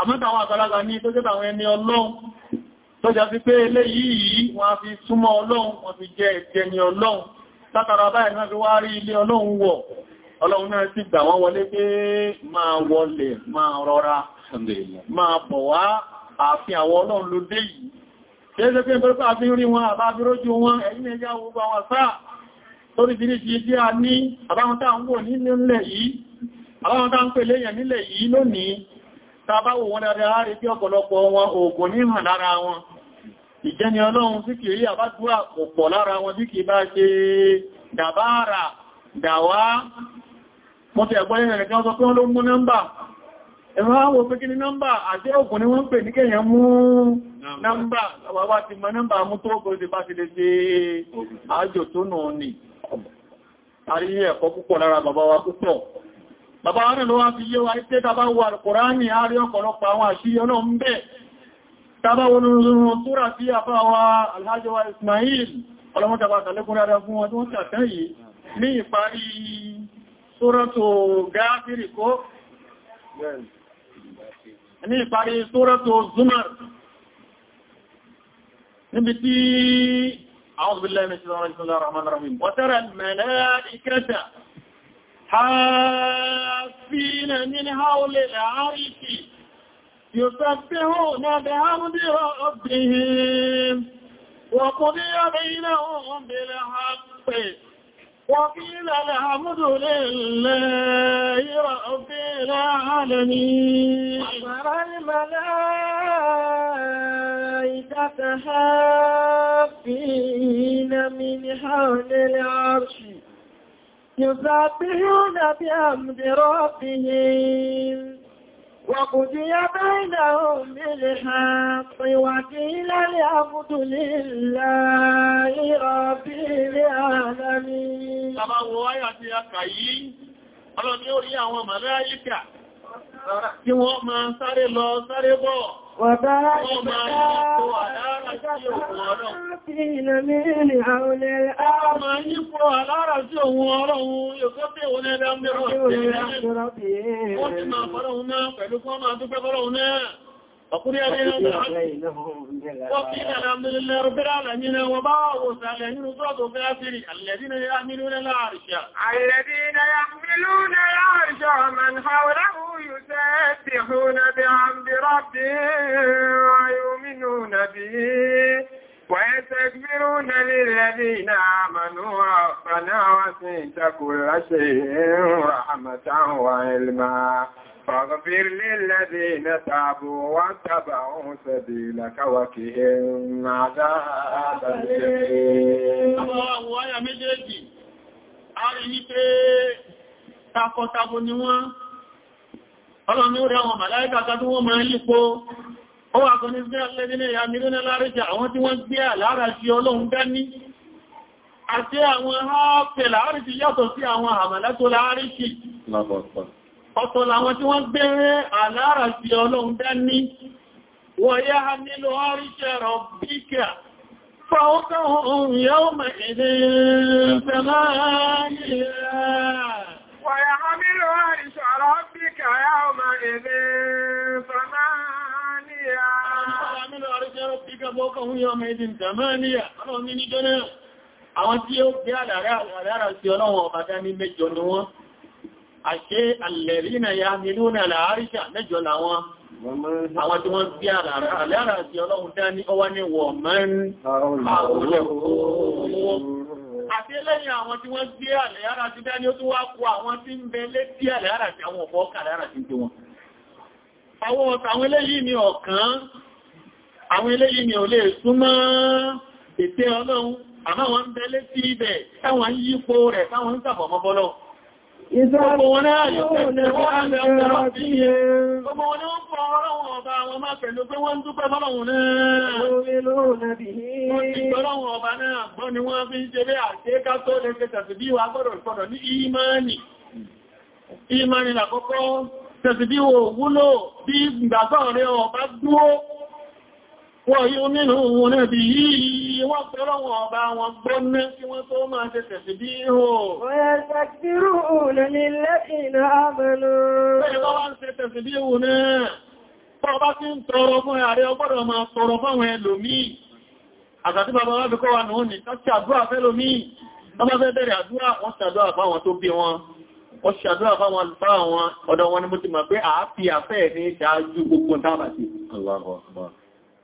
àmọ́tàwọn àgbàlagbà ní tó jẹ́ àwọn ẹni ọlọ́run tó jà sí pé eléyìí wọ́n fi súnmọ́ ọlọ́run wọ́n fi jẹ́ ẹ̀jẹni ọlọ́run látara báyìí náà fi wá rí ilé ọlọ́run wọ̀ ọlọ́run ló dé yìí Kéèsẹ́ pé ìbẹ̀rẹ̀ pàá fi rí wọn àbábírójú wọn ẹ̀yìn ẹjá gbogbo àwọn sáà torí bí ní ṣe jẹ́ a ní àbáwọn tàà ń wò nílẹ̀ yìí, àbáwọn tàà ń pè léyàn nílẹ̀ yìí lónìí, tàbáwò wọn dáadáa rí bí ọ̀pọ̀lọpọ̀ wọn ògùn ní hàn lára wọn. Ìjẹni Ọlọ́run sí kìí àbádúrà pọ̀ lára wọn ẹ̀wọ́n àwọn òfin ní nọ́mbà àti òkùn ni wọ́n ń pè ní kẹ́yàn mú nọ́mbà àwọ́wá ti mọ nọ́mbà mú tó kò sí bá ti lè ṣe àjò tó nà ní àrí ẹ̀kọ́ púpọ̀ lára bàbá wa púpọ̀ bàbá wa náà ló wá fi yé wa ipé tàbá wo Al-Kùránì àrí ọ̀pọ̀lọpọ̀ àwọn àṣírí ọ̀nà ń bẹ tàbá wo lóòrùn túra sí àbá wa Alhaji wa Ismail tàlékún rárá fún wọn tó ń sàtẹ́ yìí ní ìparí Suratu Gáfírì kó ní ìparí sóràtò zumar níbi tí àwọn òbílẹ̀ mẹ́sí ọmọ ìsìnlẹ̀ rahman rahim wọ́tẹ́rẹ̀ mẹ́lẹ́ẹ̀kẹta haifina min haulẹ̀ àríkì يسبحون بحمد ربهم وقضي بينهم بالحق وقيل الحمد لله رب العالمين وترى الملائكة حافين من حول العرش يسبحون بأمر ربهم وقضي بينهم بالحق وقيل العبد لله رب العالمين Ọlọ́run ni ó rí àwọn màláíkà tí wọ́n máa sáré lọ sáré bọ̀ wọ́n máa yípo alára sí òun ọlọ́run yóò tẹ́ òun ẹ̀dá mẹ́rọ̀ ọ̀tẹ́ ẹ̀rẹ́ يا نعم. وقيل الحمد لله رب العالمين وبعض الذين الذين يحملون العرش الذين يحملون العرش ومن حوله يسبحون بحمد ربهم ويؤمنون به ويستكبرون للذين آمنوا ربنا وسعت كل شيء رحمة وعلما فاغفر للذين تابوا واتبعوا سبيلك وكهم عذاب الجحيم àwọn àyà méjèèjì a rí ní pé takọtabo ni wọ́n ọlọ́ni ó rẹ̀ àwọn màláíkà tàbí wọ́n máa ń yípo ó wà kò ní sí alẹ́dínlẹ̀ ìyá mílíọ̀nà láríjà àwọn tí wọ́n gbé àlára sí ọlọ́run dání àti àwọn ààpẹ̀ láríjì yàtọ̀ sí àwọn àmàlẹ́tò ọ̀tọ̀ làwọn tí wọ́n gbére àlára sí ọlọ́run dání wọ́n yá ha nílò ọ́ríṣẹ́ rọ̀ bíkà fọ́ọ̀tọ̀ ohun yóò mẹ́rin fẹ́lá Wọ́n yá ha nílò ọ́ríṣẹ́ rọ̀ bíkà yóò mẹ́rin fẹ́lá Àwọn tí àṣẹ alẹ́rìnà ya nínú àlàáríṣà mẹ́jọ làwọn àwọn tí wọ́n bí àlàára àti ọlọ́run dá ní ọwá ní wọ̀ mẹ́rin àti lẹ́yìn àwọn tí wọ́n gbé àlẹ́yára ti dá ní ó tún wá kó àwọn tí ń bẹ létí àlẹ́yára ti àwọn ọ̀pọ̀ kàlẹ́yára ti tí wọn àwọn ọ̀tàwọn eléyìí ni ọ̀kan Ìjọba wọn náà yóò ní wọ́n ń bẹ̀rẹ̀ bí i. Ọmọ wọn ni wọ́n fọ́ ọ̀rọ̀ wọn ọba wọn máa pẹ̀lú pé wọ́n ń dúpẹ́ fọ́lọ̀wọ̀n náà. Orí lóòrùn náà bí i. Wọ́n ti gbọ́lọ́wọ̀n ọba náà gbọ́ ni wọ́n fi ń ṣe bẹ́ àṣẹ́ká tó lẹ́gbẹ́ tàbí bí wà gbọ́dọ̀ ní ìmánì. Ìmánì làkọ́kọ́ tàbí bí wò wúlò bí ìgbàgbọ́ rẹ̀ ọba dúró wọ́n yóò nínú wọn nẹ́bí yìí wọ́n pẹ̀lọ́ wọn ọba wọn gbọ́nà kí wọ́n tó máa ṣe tẹ̀sì bí ihò. wọ́n yẹ tàkírù òòlù ní lẹ́kìnà àmàlù. Bẹ́ẹ̀ bá wá ń ṣe tẹ̀sì bí ihò náà, bọ́ bá ti ń tọrọ fún ààrẹ ọgbọ́dọ̀ máa tọrọ fáwọn ẹlòmíì. Àgbàtí bàbá wá fi kọ́ wa nù ní káàkì àdúrà fẹ́lòmíì. Wọ́n bá fẹ́ bẹ̀rẹ̀ àdúrà, wọ́n ṣàdúrà fáwọn tó bí wọn. Wọ́n ṣàdúrà fáwọn àlùfáà wọn, ọ̀dọ̀ wọn ni mo ti mọ̀ pé àáfíà fẹ́ẹ̀ ní ṣáájú gbogbo tábàtì. Allahu Akbar.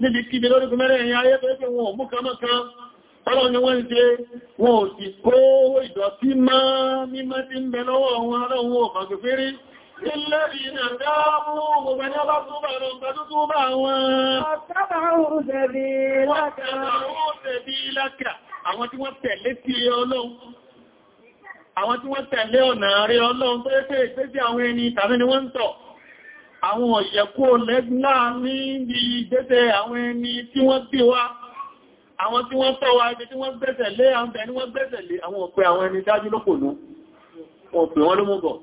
níbi kíbi lórí gúnmẹ́rẹ̀ ẹ̀yìn ayé tó ẹ́kẹ́ wọn ò mú kánmọ́kán ọlọ́run ni wọ́n ń ṣe wọn ò sì kó ìdọ̀tí máa mímọ́ tí ń bẹ lọ́wọ́ wọn aláwọ̀ ọ̀pàgbẹ̀ fẹ́rí Àwọn tí wọ́n tẹ̀lé àwọn ọ̀yẹ̀kó lẹ́gbìnà níbi ìgbẹ́sẹ̀ àwọn ẹni tí wọ́n gbé wá àwọn tí wọ́n tọ́ wa ibi tí wọ́n gbẹ́sẹ̀ lé àwọn ẹni wọ́n gbẹ́sẹ̀ lé àwọn ọ̀pẹ àwọn ẹni dájú lókòlú wọ́n pè wọ́n ló mú bọ̀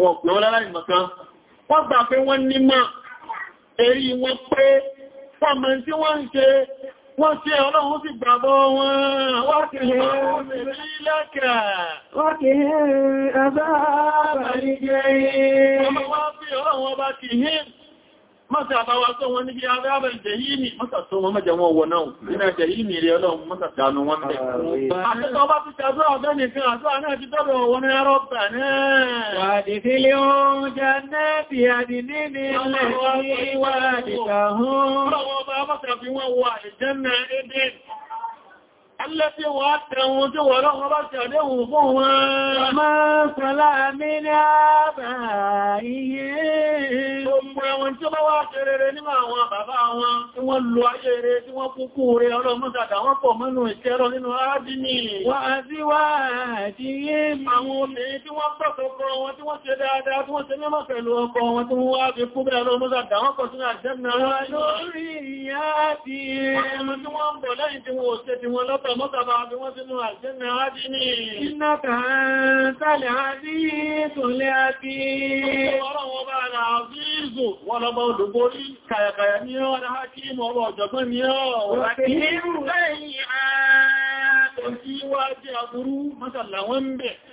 wọ́n pè wọ́n láláì mọ̀kan wọ́n gbà pé wọ́n nímọ̀ èrí wọn pé fọ́mọ tí wọ́n ń ṣe wọ́n ṣe ọlọ́run sì gbàgbọ́ wọn wọ́n kì í lẹ́kẹ̀ẹ́ وآباتهم mọ́sí àbáwà tó wọn níbi arábẹ̀ jẹ̀yìmì mọ́sàtọ́ wọn mẹ́jẹ wọn wọ náà nínú jẹ̀yìmì rẹ̀ ọlọ́run mọ́sàtánú wọn bẹ̀. àtẹ́tọ́ bá ti ṣàzọ́ ọ̀bẹ́ni fi àzọ́ náà ti tọ́bẹ̀ wọn ní arọ́bà náà. wàdìfílẹ̀ oúnjẹ náà bí àdìní ní ilẹ̀ ìwádìí Alẹ́sí wọ́n tẹ̀wọ̀n tí wọ́n lọ́wọ́ bá ti àdéhùn fún wọn. Máa sọ́lá mi ní àbà iye. Gbogbo ẹwọn tí ó bá wá kẹrẹrẹ nígbà àwọn bàbá wọn tí wọ́n lo ayé rẹ̀ tí wọ́n kúkú kú bẹ́ẹ̀ lọ́mọ́sàdà wọ́n pọ̀ sínú àjẹ́ mọ́tàbà bí wọ́n sínú àjẹ́mẹ́ àájí ní iná tààtàlẹ̀ àdíìsù lé àbí ọlọ́wọ́ bá rà àzíìsù wọ́n lọ́bọ̀ olùgbórí kàyàkàyà ní ọ́rà hákímọ̀ ọlọ́ ọ̀jọ̀gbọ́n ni ọ́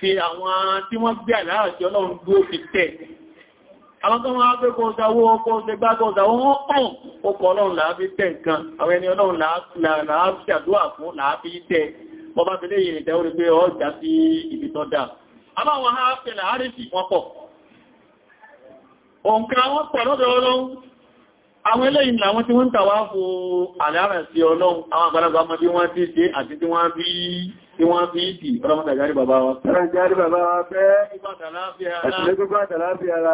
fi àwọn tí wọ́n gbé àláàtí ọlọ́run dúró fi tẹ̀ àwọn tó máa pé kò ṣàwó ọkọ̀ ṣẹgbàgbọ́ ṣàwó wọ́n pọ̀n ọkọ̀ ọlọ́run láàáfí tẹ̀ nǹkan àwọn ẹni ọlọ́run láàáfí àdúwà fún láàáfí tẹ̀ bọ́bá fi léyìn ìtẹ́ orí pé ọjà sí ibi tó dá àbáwọn ààfẹ́ láàárífì wọ́n pọ̀ òǹkà wọ́n pọ̀ lọ́dọ̀ ọlọ́run àwọn eléyìn làwọn tí wọ́n ń tàwá fún àlàárẹ̀ sí ọlọ́run àwọn àgbàlagbà ọmọdé wọ́n ti ṣe àti tí wọ́n rí tí wọ́n fi ìdí ọlọ́mọdà járí bàbá wa fẹ́ járí bàbá wa fẹ́ ẹ̀sìnlẹ̀ gbogbo àtàláfí ara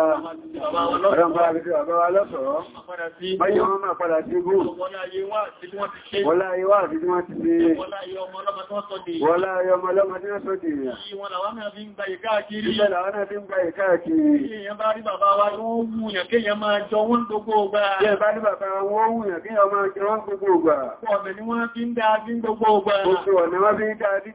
ọlọ́mọdà àti bàbá wa lọ́sọ̀ọ́ báyí wọ́n máa padà sí gùn wọ́lá ayé wà àti tí wọ́n ti ṣe wọ́lá ayé ọmọ ọlọ́mọdé wọ́n sọ dì ìwọ̀n làwọn náà fi ń gbáyé káàkiri ìyẹn bá rí bàbá wa wọ́n wù yàn kéèyàn máa jọ wọ́n gbogbo ọgbà ọ̀bẹ̀ ni wọ́n fi ń dáa sí gbogbo ọgbà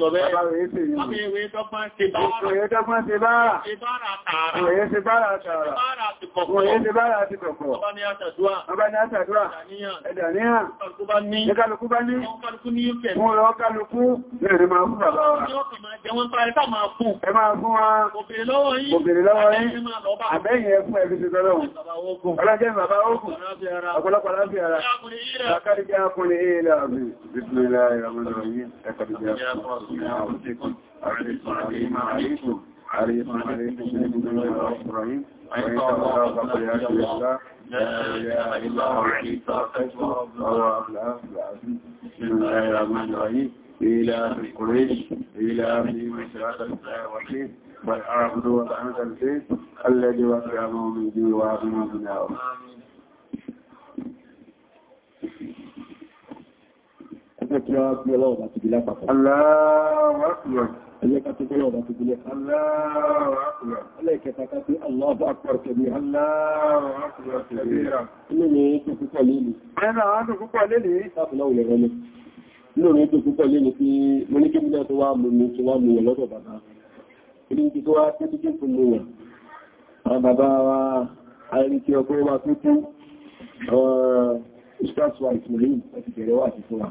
sọ bẹ́ẹ̀. Bàbá rẹ̀ ṣe yìí. Bàbá rẹ̀ إلى أنفسكم أعرض عليما عليكم عريض عليكم من الله إبراهيم عيسى الله رب يا شيخ لا إله إلا هو عيسى الله بسم الله الرحمن الرحيم إلى أهل قريش إلى أهل مشهد الوحيد والعبد والأنس البيت الذي وسع مؤمن به وعظم بناؤه ẹjẹ́ kí wá gbé ọlọ́ọ̀bá ti bí lápapọ̀. ẹjẹ́ ká tó gbé ọlọ́ọ̀bá ti bí lẹ́pàá. ẹlẹ́ẹ̀kẹta ká tó Allahu akbar kabira. inú mi tó púpọ̀ lélẹ̀. ẹ̀nà àádùn púpọ̀ lélẹ̀. sáàpùlọ́ òlẹ̀ rẹ̀ lẹ́ inú mi tó púpọ̀ lélẹ̀ pé mo ní kí mílẹ̀ tó wá mú mi tó wá mú wọn lọ́dọ̀ bàbá ilé ti tó wá tẹ́tí kí fún mú wọn àwọn bàbá wa arìnkí ọkọ̀ wa tó tó ìṣàtúwà ìtòlẹ́yìn àti bẹ̀rẹ̀ wà ti fún wa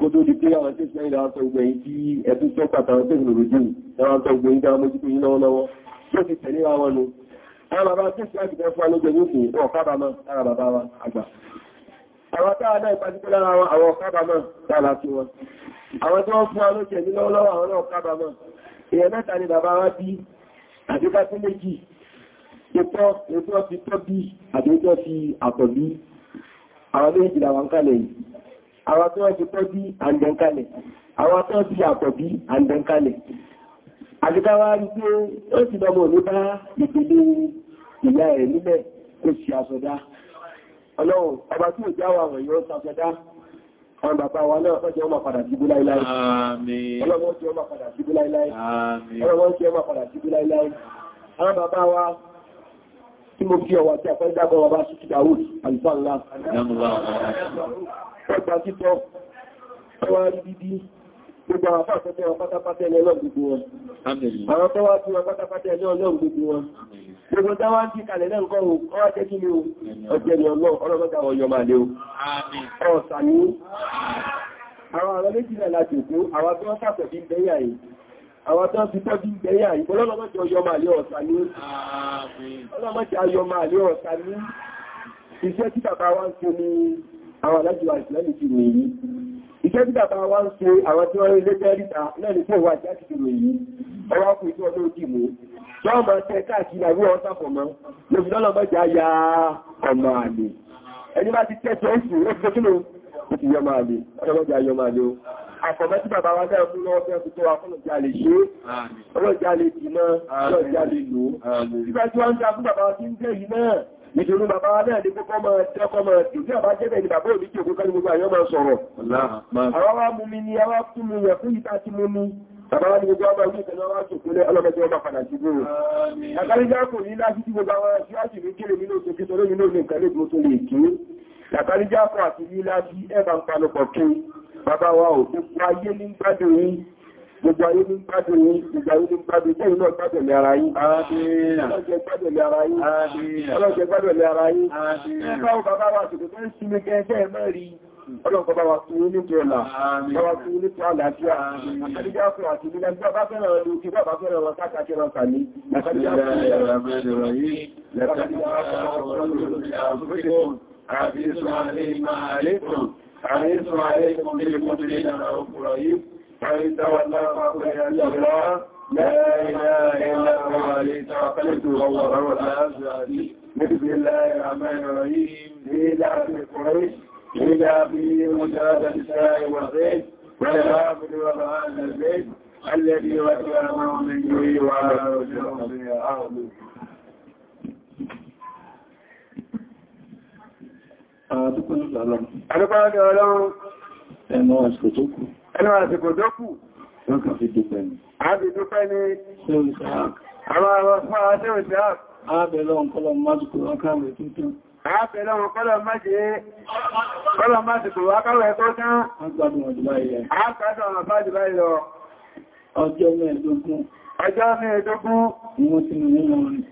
kó tó di pé àwọn tí ìṣẹ́ ìlàwọ́ sọ ìgbẹ̀yìn tí ẹ̀tún tó pàtàkì tó ìlòrò jù ẹwà sọ ìgbẹ̀yìn dáwọn mójútó yí lọ́wọ́lọ́wọ́ tí ó ti tẹ̀lé ra wọn nù àwọn bàbá tí ìṣẹ́ ìgbẹ̀ fún alójẹ ní òfin ọ̀kábà mọ́ lára bàbá wa àgbà àwọn táà náà ìpàdíkẹ́ lára wọn àwọn ọ̀kábà mọ́ lára tí wọn àwọn tí wọ́n fún alójẹ ní lọ́wọ́lọ́wọ́ àwọn náà ọ̀kábà mọ́ èèyàn mẹ́ta ni bàbá wa bí àdúgbà tí méjì ìtọ́ ìtọ́ fi tọ́ bí àdúgbà fi àtọ̀ bí àwọn méjì làwọn kálẹ̀ yìí àwọn tó wọ́n ti tọ́jú àndẹ̀ǹkalẹ̀ àwọn tó ti àkọ̀bí àndẹ̀ǹkalẹ̀ àdíkáwà rí pé ó sì dọmọ ní bá ìpele ìyá ẹ̀ nílẹ̀ kò sí àsọdá ọlọ́run ọba tí ò jáwà wọ̀nyí ó sàsọdá àwọn bàbá wa náà ọjọ́ ọmọ padà síbú láíláí ọlọ́run ọjọ́ ọmọ padà síbú láíláí tí mo kí ọwà tí a fẹ́ dágọ́ ọba sí Dawud alifáàlá ẹgbà títọ́ ẹwà dídí gbogbo àwọn afẹ́fẹ́ wọn pátápátá ẹni ọlọ́run gbogbo wọn àwọn tó wá fún wọn pátápátá ẹni ọlọ́run gbogbo wọn gbogbo dáwà ń jí kalẹ̀ lẹ́nkọ́ àwọn tán fi tọ́jú ìgbẹ̀yà ìbọ́lọ́lọ́mọ́tí ọyọ́mà lé ọ̀sà ní ọlọ́mọ́tí ayọ́mà lé ọ̀sà ní iṣẹ́ tí bàbá wa ń ṣe ní àwọn alájúwà ìsìlẹ́lì ti rò yìí iṣẹ́ tí bàbá wa ń ṣe àwọn tí wọ́n lé tẹ́ríta náà ní fún wa jáde ti rò yìí ọwá kù ìṣọ́ ló dì mú wọ́n máa tẹ káàkiri àwọn ọ̀sà fọ̀mọ́ lóbi lọ́lọ́mọ́tí ayá ọmọ àlè ẹni bá ti tẹ́tẹ́ ìṣù ó ti ó ti yọ máa lè ọlọ́jà yọ máa lè o àfọ̀mẹ́tí bàbá wa dáa fún lọ́wọ́ fẹ́ tó wà fún ọjà lè ṣe ọlọ́jà lè dìmọ́ ọlọ́jà lè lò síbẹ̀ tí wọ́n ń dáa fún bàbá wa tí ń jẹ́ yìí náà nítorí bàbá wa náà ní kókọ́ máa tẹ́kọ́ máa tù tí àbá jẹ́bẹ̀ ni bàbá òní tí òkú kẹ́lú gbogbo àyọ́ máa sọ̀rọ̀ àwọn wa mú mi ni àwa fún mi yẹ̀ fún ìta tí mo mú bàbá wa ní gbogbo ọmọ ìlú ìtẹ̀lẹ́ wá tòkó lé ọlọ́mọdé ọmọ padà sí gbòòrò àkàlẹ́jà kò ní láti tí gbogbo àwọn aṣíwájú mi kéré nínú òṣèké sọ́lé nínú òṣèké tó lè kí Làtàrí jáfà àti lílá bí ẹ̀bà ń panupọ̀ kí bàbá wa ò gbogbo ayé ní gbádùn yìí, gbogbo ayé ní gbádùn yìí, gbogbo ayé ní gbádùn yìí, náà gbádùnlé ara yìí. Ọlọ́jẹ́ gbádùnlé ara yìí. Ọlọ́jẹ́ gbádùnlé ara yìí. Ẹgbẹ́ bàbá wa ń sinmi kẹ́ẹ̀ẹ́ mẹ́rin bá wa fún ní tó ọ̀la bá wa fún ní tó àlàáfíà fún àti ilé ẹgbẹ́ bá fẹ́ràn ọdún kí bá fẹ́ràn wọn káàkiri ọkà عزيز عليه ما عليكم عزيز عليكم بالمؤمنين رؤوف رحيم فإن تولوا فقل إلا الله لا إله إلا هو عليه توكلت والله هو العزيز بسم الله الرحمن الرحيم إلى في قريش إلى في مجاهدة الساعي والغيث والعابد وبهان البيت الذي وجه من يوي وعلى وجهه من الأرض Ẹnu àsìkò tó kù. Ẹnu àsìkò tó kù. Wọ́n kà fi dúpẹ́ ni. A fi dúpẹ́ ni. Ṣé ìṣàkù. Àwọn àwọn fún àṣẹ ìṣàkù. A bẹ̀rẹ̀ ọ̀nkọ́lọ̀ májìkò akáwẹ̀ tó tán. A bẹ̀rẹ̀ ọ̀nkọ́lọ̀ májìkò akáwẹ̀ tó tán. A gbádùn ọ̀dùbá ilẹ̀. Ọjọ́ mẹ́ẹ̀dógún. Ọjọ́ mẹ́ẹ̀dógún. Wọ́n ti mú ní ọ̀rìn.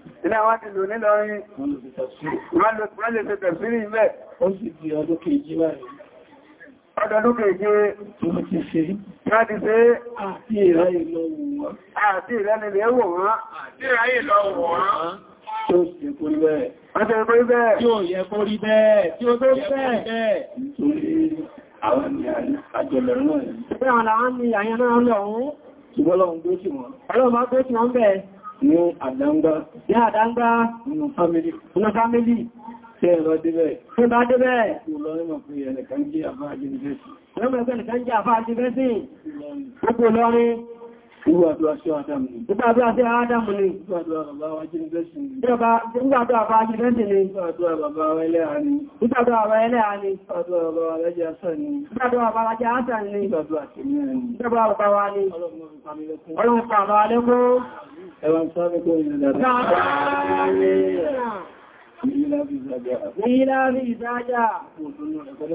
Ilé Ọdọ̀dún kejì tó ti ṣe. Láti ṣe àti ìráyè lọ wọ̀n. Àti ìrẹ́nilẹ̀ wò wọ́n. Àti ìráyè lọ wọ̀n. Tí ó sì kó rí bẹ́ẹ̀. Ọjọ́ ìkó rí bẹ́ẹ̀. Tí ó yẹ kó rí bẹ́ẹ̀. Tí ó tó rí bẹ́ẹ̀. Nítorí àwọn ni àjọ̀lẹ̀ náà ní àdáńgbá ní àdáńgbá nínú fámílì ọ̀nà fámílì tẹ́ ẹ̀rọ débẹ̀ tí bá débẹ̀ ìlọrin pé ẹnìkan jẹ́ àfáà jẹ́ Ìwàdúwà sí Ádámù ni. Ìgbàdúwà sí Ádámù ni. Ìgbàdúwà bàbá wa jí ní bẹ́sì ni. Ìgbàdúwà bàbá jí bẹ́sì ni. Ìgbàdúwà bàbá wa ẹlẹ́ha ni. Ìgbàdúwà bàbá ẹlẹ́ha ni. Ìgbàdúwà bàbá wa lẹ́jẹ́ àṣà ni. Ìgbàdúwà bàbá lẹ́jẹ́ àṣà ni. Ìgbàdúwà sí ni. Ìgbàdúwà bàbá wa ni. Ọlọ́run pa mi lẹ́kún. Ọlọ́run pa àbá lẹ́kún ẹwà ń sáré kó ìrìn dáadáa Ìlàrí ìdájá. Gbogbo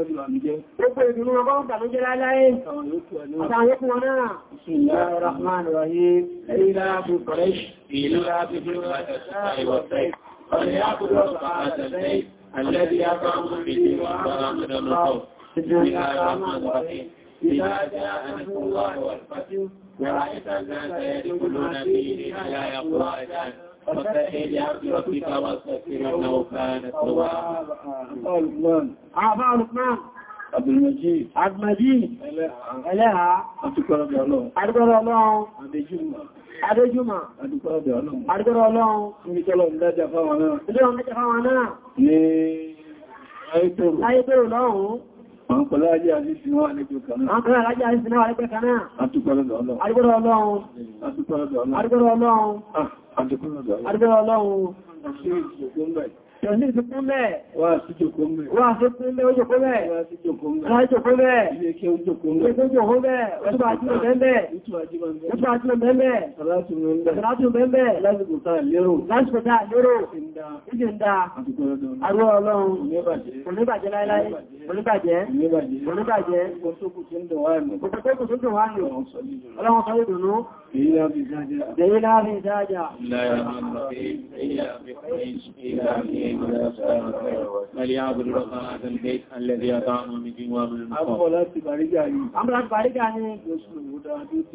ìdùnnú ọgbọ́n ìgbàlójẹ́ láláyé. Àtàwọn yóò fún wọn náà. Ìlàrí Rahman Rahim. Ìlàrí Quraysh. Ìlàrí Ìwọ̀sẹ̀. Ọ̀rẹ́ àkùrọ̀ ọ̀sán àtẹ̀lẹ́. Àlẹ́bí àbáwọn ìdíwọ̀ àbáwọn ìdọ̀lọ́pọ̀. Ìlàrí Rahman Rahim. إذا جاء نصر الله والفتح ورأيت الناس يدخلون في دين الله فاستعن بعبد ربك واستغفر انه كان توابا. أعطاه لقمان عبد المجيد عبد المجيد إليها أتكرر الله أتكرر الله Adéjúmọ̀. Adúgbọ́dọ̀ ọlọ́run. Adúgbọ́dọ̀ ọlọ́run. Ní ìjọlọ ìdájá fáwọn náà. Ilé ọmọdé fáwọn náà. Ní ayé tó rò lọ́run. Àpọ̀lá ajé àjíṣì náà alẹ́gbẹ̀ kanáà. Àpọ̀lá ajé àjíṣì náà alẹ́gbẹ̀ kanáà. Àtúkọ̀lọ́dọ̀ ọlọ́run. Àrígbọ́rọ̀ ọlọ́run. Àtúkọ̀lọ́dọ̀ ọlọ́run. Àrígbọ́rọ̀ ọlọ́run. Àrígbọ́rọ̀ ah, ọlọ́run. Tẹ̀lé ìsìnkú mẹ́. Wà sí jòkó mẹ́. Wà sí jòkó mẹ́. Wà sí jòkó mẹ́. Wà sí jòkó mẹ́. Wà sí jòkó mẹ́. Ilé kí ó jòkó mẹ́. Ilé kí ó jòkó mẹ́. Ọjọ́ àjímọ̀ mẹ́mẹ́. Ìtù àjímọ̀ mẹ́mẹ́. Ìtù àjímọ̀ mẹ́mẹ́. Ìtù àjímọ̀ mẹ́mẹ́. Lásìkò táà lérò. Lásìkò táà lérò. Ìjìndà. Ìjìndà. Àdúgbò ọlọ́run. Àrọ́ ọlọ́run. Oníbàjẹ́. Oníbàjẹ́ láíláí. Oníbàjẹ́. Oníbàjẹ́. Oníbàjẹ́. Òtókù tí ń dùn wá nù. Òtókù tí ń dùn wá nù. Ọlọ́run sọ عليهم ولا يستغفر فليعبد رب هذا البيت الذي أطعم من جوع من الخوف أبو لا تبارك عليه أبو لا تبارك عليه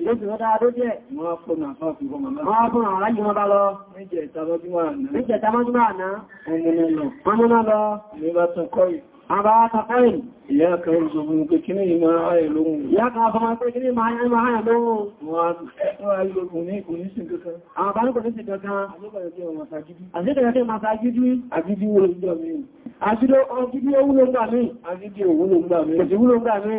Ìjọ́sìn ọdá adó jẹ́ wọ́n fún àwọn àfihàn màmá. Wọ́n fún àwọn aláìyàn bá lọ. Méjì ẹ̀ta mọ́júmọ́ àná. Méjì ẹ̀ta mọ́júmọ́ àná. Ọmọ náà lọ. Ọmọ náà lọ. Ìrẹ́bá tún kọ́ ìfẹ́ àbáta fẹ́rin ìyá kan ìṣògùn òkè kí ní ìmọ̀ ààrẹ lóhun ìyá kan àbámá pé kí ní máa yá máa yá lóhun wọn àìlògùn ní kò ní sí kankan àwọn àbárí kò ní sí kankan àṣíkẹ̀ẹ́kẹ́ masájíjú àjíjú olóògbà mi àṣílò ọjíjú owó lóògbà mi àjíjú owó lóògbà mi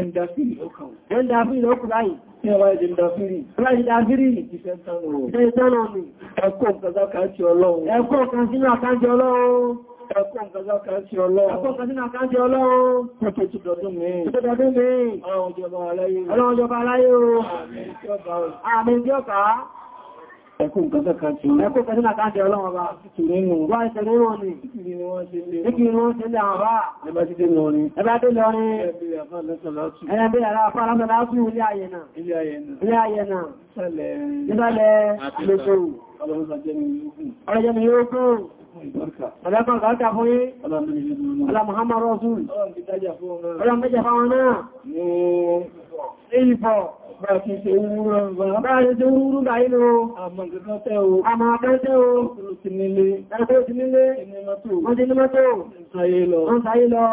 ẹ̀ndàfírí ọkàn ẹ̀ndàfírí ọkùnrin ní ọwá ẹ̀dẹ̀ ìdàfírí ẹ̀ndàfírí ẹ̀kọ́ nǹkan sí ọlọ́run ẹ̀kọ́ nǹkan sínú àkájọ ọlọ́run pẹ̀tẹ̀ tó dọ̀dún mẹ́rin ọlọ́run jọba aláyé o àmì ìjọba kẹ́kọ̀ọ́ nǹkan kẹ́kọ̀ọ́ tí ó rẹ́kọ̀ọ́ kẹ́kọ̀ọ́ náà káàkiri ọlọ́wọ́ bá ti nínú wá ìṣẹ̀lẹ̀ wọn ni ìkìrì wọn ṣe lè àwọn bá ẹbá ti dé lọ ní ẹbá tó lọ ní ẹbí àrá afárásọ́lá sí ilé ayé náà ilé ayé náà níbàlẹ̀ lóṣòrò ọlọ́jẹ́ mi yóò kó Ọlọ́pàá kàákà fún yí, ọlọ́mọ̀hámà rọ́sùn, ọlọ́mọ̀jáfà wọn náà, ní ìfọ̀ bá ti ṣe wúrán bá bá ṣe ṣe wúrú bá inú àmọ̀gbẹ̀kọ́tẹ́ o àmọ̀kọ́tẹ́ o ti nílé ẹgbẹ́ ti nílé ìnimọ́tò wọ́n ti nímọ́tò ń sáyé lọ ń sáyé lọ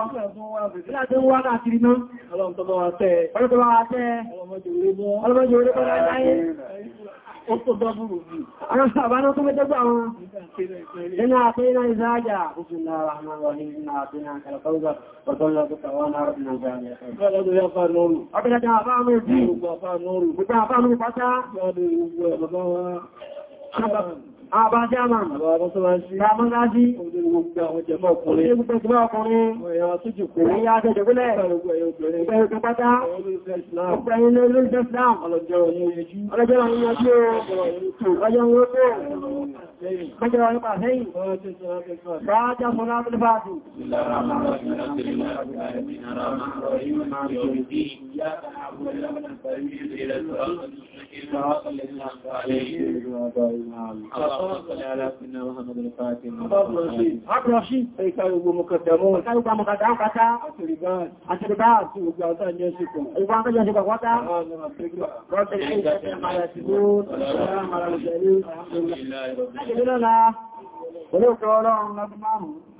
láti wá káàkiri náà ọlọ́mọdé orí bọ́ ó tó dọ́bùrù ní àwọn sàbánà tó mẹ́tẹ́gbà wọn iná àpínà ìzájà òfinà àmàrọ̀hìn iná àpínà kàlàkọ́gbà ọ̀tọ́lọ́ tó tàwọn àrùn nàìjíríà ọ̀pẹ́lẹ́gbẹ̀ yọ́fà lọ́rù ọ̀pẹ́lẹ́gbẹ̀ àfà mẹ́rin Àbájáman, Àbájájí, Òjòjògbà ọkùnrin, Ẹ̀yà àtújùkú, Ẹ̀yà àtẹ́jẹ̀gbẹ́lẹ̀, Ẹ̀yà òjòpátá, Ọ̀pẹ̀yìn lórí Islam, Ọlọ́jọ́ ọ̀yẹ́ ojú, Ọlọ́jọ́ ọ̀yẹ́ ojú, Ọjọ́ ọ̀yẹ́ ojú, Ọjọ́ ọ̀yẹ́ pàṣẹ́yìn, Bájá Fọ́nà Abúlúfàájú. Ìlàrà اللهم صل على سيدنا محمد الفاتن الرشيد اي كانوا مقدمون كانوا مقدمون كتا اتربات اتربات وقالوا ان يشكم اي وان كان يشكم وقتا رب العزة ما يسكون والسلام على المرسلين الحمد لله رب العالمين